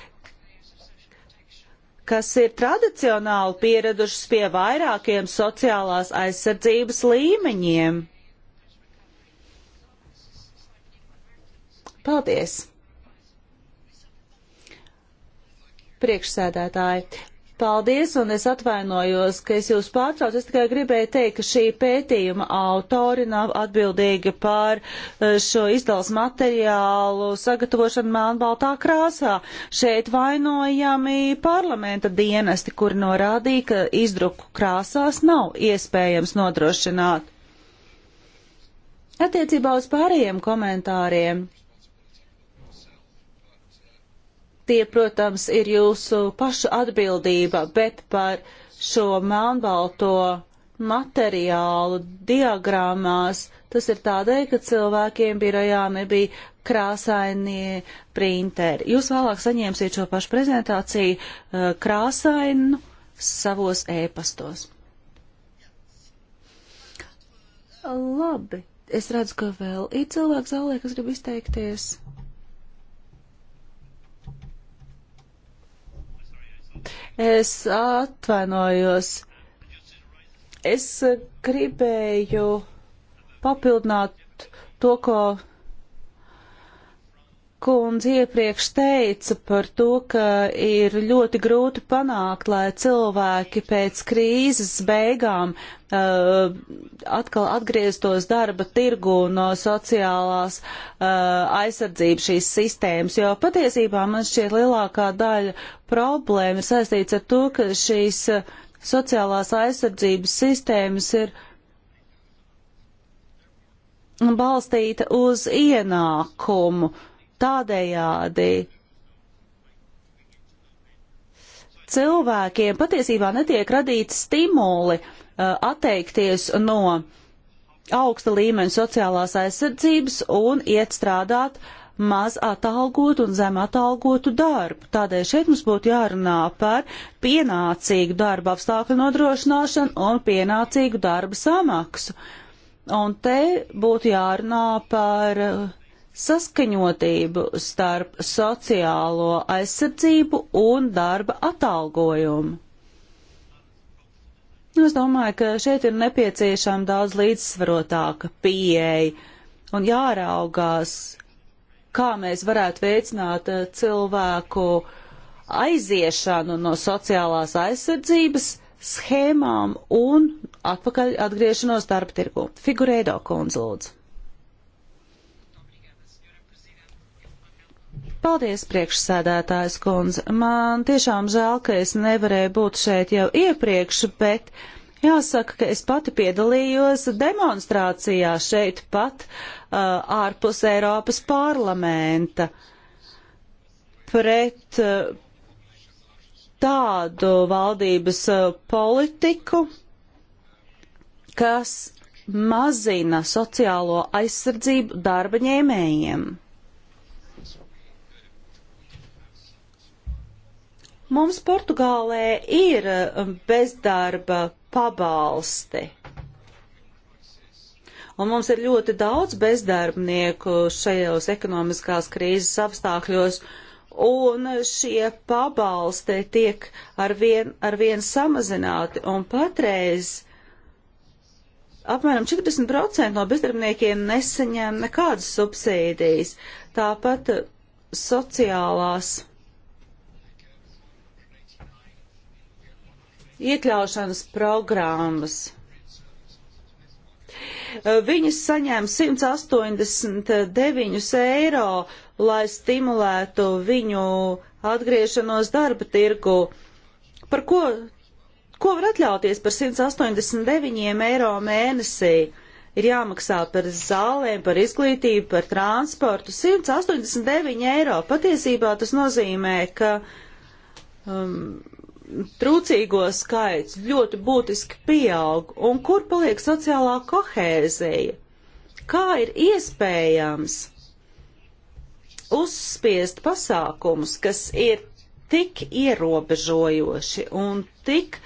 kas ir tradicionāli pieradušas pie vairākiem sociālās aizsardzības līmeņiem? Paldies! Priekšsēdētāji, Paldies, un es atvainojos, ka es jūs pārtraucu. Es tikai gribēju teikt, ka šī pētījuma autori nav atbildīga par eh, šo izdals materiālu sagatavošanu melnbaltā krāsā. Šeit vainojami parlamenta dienesti, kuri norādīja, ka izdruku krāsās nav iespējams nodrošināt. Attiecībā uz pārējiem komentāriem Tie, protams, ir jūsu pašu atbildība, bet par šo melnbalto materiālu diagrammās tas ir tādēļ, ka cilvēkiem birojā nebija krāsainie printeri. Jūs vēlāk saņēmsiet šo pašu prezentāciju uh, krāsainu savos ēpastos. Labi, es redzu, ka vēl ir cilvēks zālē, kas grib izteikties. Es atvainojos. Es gribēju papildināt to, ko kundze iepriekš teica par to, ka ir ļoti grūti panākt, lai cilvēki pēc krīzes beigām uh, atkal atgrieztos darba tirgu no uh, sociālās uh, aizsardzības šīs sistēmas, jo patiesībā man šķiet lielākā daļa problēma ir saistīts ar to, ka šīs uh, sociālās aizsardzības sistēmas ir balstīta uz ienākumu. Uh, Tādējādi cilvēkiem patiesībā netiek radīti stimuli uh, atteikties no augsta līmeņa sociālās aizsardzības un iet strādāt maz atalgotu un zem atalgotu darbu. Tādēļ šeit mums būtu jārunā par pienācīgu darba apstākļu nodrošināšanu un pienācīgu darba samaksu. Un te būtu jārunā par uh, saskaņotību starp sociālo aizsardzību un darba atalgojumu. Nu, es domāju, ka šeit ir nepieciešama daudz līdzsvarotāka pieeja un jāraugās, kā mēs varētu veicināt eh, cilvēku aiziešanu no sociālās aizsardzības schēmām un atpakaļ atgriešanos darba tirgu. Figurēdo kundze lūdzu. Paldies, priekšsēdētājs kundze. Man tiešām žēl, ka es nevarēju būt šeit jau iepriekš, bet jāsaka, ka es pati piedalījos demonstrācijā šeit pat uh, ārpus Eiropas parlamenta pret uh, tādu valdības uh, politiku, kas mazina sociālo aizsardzību darba ņēmējiem. Mums Portugālē ir um, bezdarba pabalsti. Un mums ir ļoti daudz bezdarbnieku šajos ekonomiskās krīzes apstākļos, un šie pabalsti tiek arvien, arvien samazināti, un patreiz apmēram 40% no bezdarbniekiem nesaņem nekādas subsīdijas. Tāpat sociālās iekļaušanas programmas. Viņas saņēma 189 eiro, lai stimulētu viņu atgriešanos darba tirgu. Par ko, ko var atļauties par 189 eiro mēnesī? Ir jāmaksā par zālēm, par izglītību, par transportu. 189 eiro patiesībā tas nozīmē, ka um, trūcīgo skaits ļoti būtiski pieaug, un kur paliek sociālā kohēzija? Kā ir iespējams uzspiest pasākumus, kas ir tik ierobežojoši un tik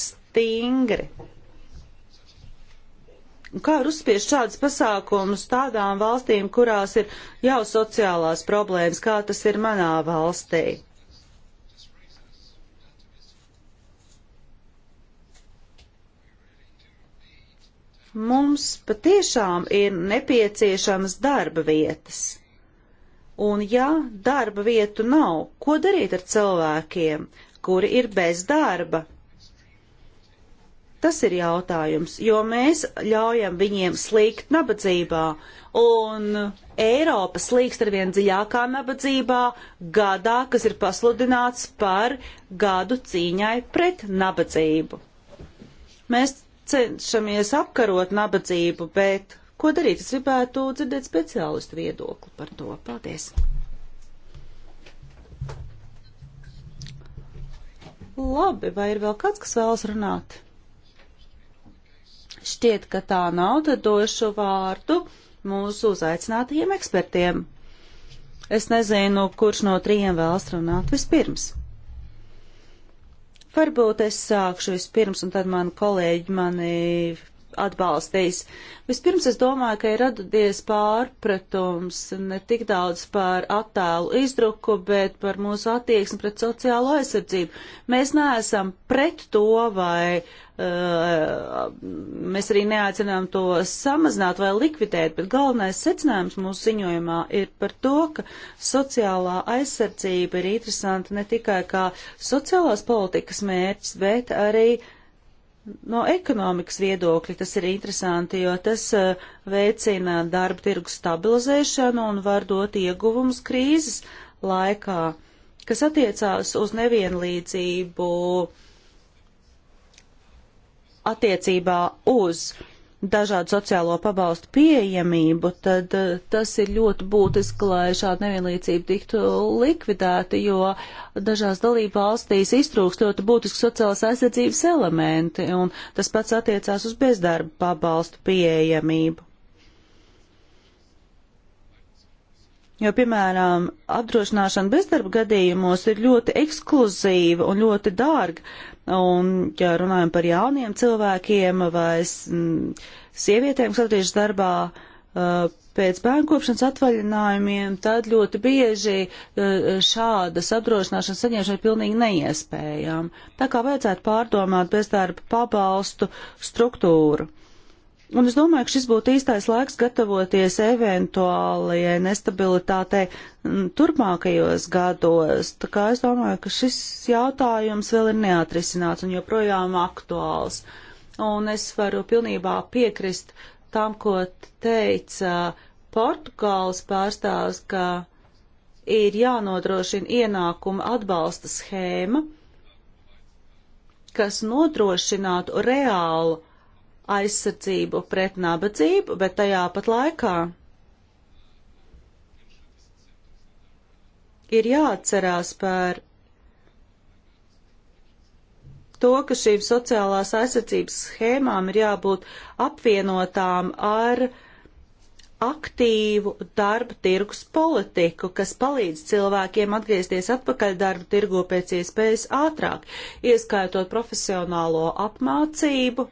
stingri? Kā ir uzspiest šādus pasākumus tādām valstīm, kurās ir jau sociālās problēmas, kā tas ir manā valstī? Mums patiešām ir nepieciešamas darba vietas. Un ja darba vietu nav, ko darīt ar cilvēkiem, kuri ir bez darba? Tas ir jautājums, jo mēs ļaujam viņiem slīgt nabadzībā, un Eiropa slīgst ar vien dziļākā nabadzībā gadā, kas ir pasludināts par gadu cīņai pret nabadzību. Mēs cenšamies apkarot nabadzību, bet ko darīt? Es gribētu dzirdēt speciālistu viedokli par to. Paldies! Labi, vai ir vēl kāds, kas vēlas runāt? Šķiet, ka tā nav, tad došu vārdu mūsu uzaicinātajiem ekspertiem. Es nezinu, kurš no trījiem vēlas runāt vispirms. Varbūt es sākšu vispirms, un tad man kolēģi mani atbalstīs. Vispirms es domāju, ka ir radudies pārpratums ne tik daudz par attēlu izdruku, bet par mūsu attieksmi pret sociālo aizsardzību. Mēs neesam pret to vai uh, mēs arī neaicinām to samazināt vai likvidēt, bet galvenais secinājums mūsu ziņojumā ir par to, ka sociālā aizsardzība ir interesanta ne tikai kā sociālās politikas mērķis, bet arī uh, No ekonomikas viedokļa tas ir interesanti, jo tas eh, veicina darba tirgu stabilizēšanu un var dot ieguvumus krīzes laikā, kas attiecās uz nevienlīdzību attiecībā uz uh, dažādu sociālo pabalstu pieejamību, tad eh, tas ir ļoti būtiski, lai šāda nevienlīdzība tiktu likvidēta, jo dažās dalību valstīs iztrūks ļoti būtiski sociālās aizsardzības elementi, un tas pats attiecās uz bezdarba pabalstu pieejamību. Jo, piemēram, apdrošināšana bezdarba gadījumos ir ļoti ekskluzīva un ļoti dārga. Un, ja runājam par jauniem cilvēkiem vai sievietēm, kas atgriežas darbā pēc bērnkopšanas atvaļinājumiem, tad ļoti bieži šādas apdrošināšanas saņemšana ir pilnīgi neiespējama. Tā kā vajadzētu pārdomāt bezdarba pabalstu struktūru. Un es domāju, ka šis būtu īstais laiks gatavoties eventuālajai nestabilitātei mm, turpmākajos gados. Tā kā es domāju, ka šis jautājums vēl ir neatrisināts un joprojām aktuāls. Un es varu pilnībā piekrist tam, ko teica Portugāles pārstāvs, ka ir jānodrošina ienākuma atbalsta schēma, kas nodrošinātu reālu aizsardzību pret nabadzību, bet tajā pat laikā ir jāatcerās par to, ka šīm sociālās aizsardzības schēmām ir jābūt apvienotām ar aktīvu darba tirgus politiku, kas palīdz cilvēkiem atgriezties atpakaļ darba tirgo pēc iespējas ātrāk, ieskaitot profesionālo apmācību,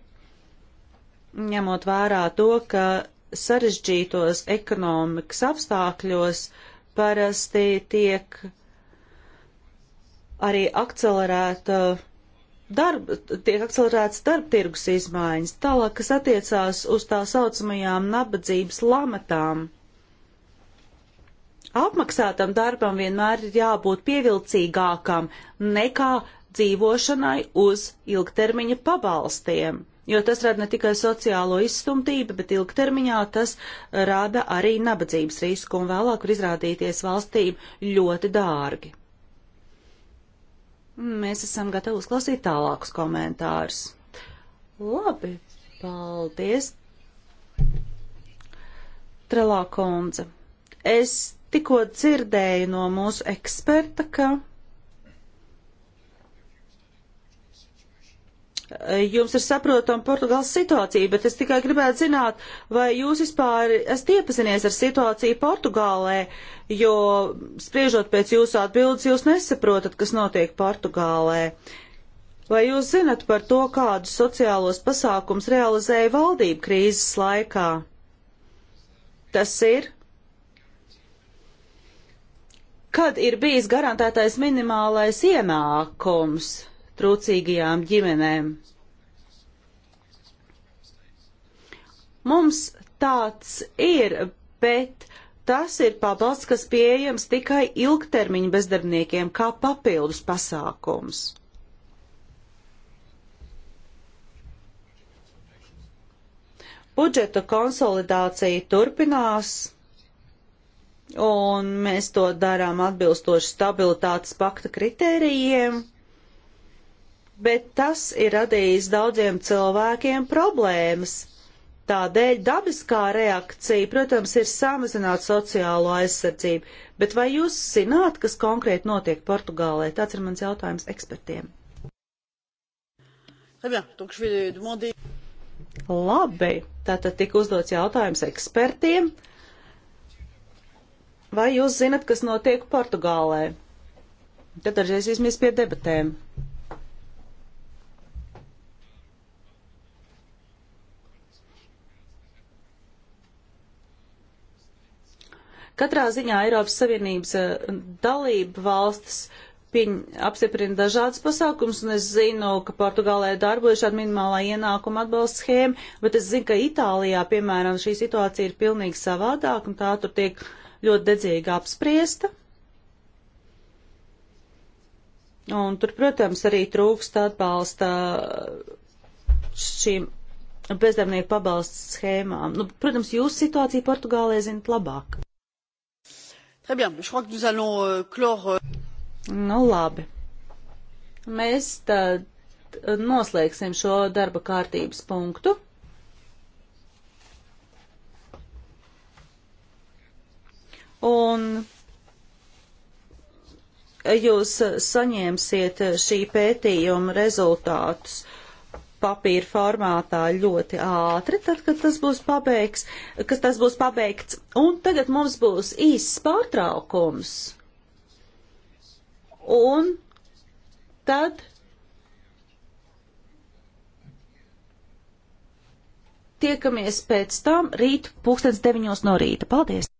ņemot vērā to, ka sarežģītos ekonomikas apstākļos parasti tiek arī akcelerēta darba, tiek akcelerēts darbtirgus izmaiņas, tālāk, kas attiecās uz tā saucamajām nabadzības lamatām. Apmaksātam darbam vienmēr ir jābūt pievilcīgākam nekā dzīvošanai uz ilgtermiņa pabalstiem jo tas rada ne tikai sociālo izstumtību, bet ilgtermiņā tas rada arī nabadzības risku un vēlāk var izrādīties valstīm ļoti dārgi. Mēs esam gatavi uzklausīt tālākus komentārus. Labi, paldies. Trelā kundze, es tikko dzirdēju no mūsu eksperta, ka Eh, jums ir saprotama Portugāles situācija, bet es tikai gribētu zināt, vai jūs vispār esat iepazinies ar situāciju Portugālē, jo spriežot pēc jūsu atbildes, jūs nesaprotat, kas notiek Portugālē. Vai jūs zinat par to, kādus sociālos pasākums realizēja valdība krīzes laikā? Tas ir kad ir bijis garantētais minimālais ienākums trūcīgajām ģimenēm. Mums tāds ir, bet tas ir pabalsts, kas pieejams tikai ilgtermiņa bezdarbniekiem kā papildus pasākums. Budžeta konsolidācija turpinās, un mēs to darām atbilstoši stabilitātes pakta kritērijiem bet tas ir radījis daudziem cilvēkiem problēmas. Tādēļ dabiskā reakcija, protams, ir samazināt sociālo aizsardzību, bet vai jūs zināt, kas konkrēti notiek Portugālē? Tāds ir mans jautājums ekspertiem. Labi, tātad tika uzdots jautājums ekspertiem. Vai jūs zinat, kas notiek Portugālē? Tad dažreiz vismaz pie debatēm. Katrā ziņā Eiropas Savienības eh, dalība valstis pieņ, apstiprina dažādas pasākums, un es zinu, ka Portugālē darbojas šāda minimālā ienākuma atbalsta schēma, bet es zinu, ka Itālijā, piemēram, šī situācija ir pilnīgi savādāka, un tā tur tiek ļoti dedzīgi apspriesta. Un tur, protams, arī trūkst atbalsta šīm bezdarbnieku pabalsts schēmām. Nu, protams, jūsu situāciju Portugālē zinat labāk. Très bien, je crois que nous allons euh, clore. Euh, nu, labi. Mēs tad noslēgsim šo darba kārtības punktu. Un jūs saņēmsiet šī pētījuma rezultātus. Uh, papīra formātā ļoti ātri, tad, kad tas būs pabeigts, kas tas būs pabeigts. Un tagad mums būs īsts pārtraukums. Un tad tiekamies pēc tam rīt pūkstens deviņos no rīta. Paldies!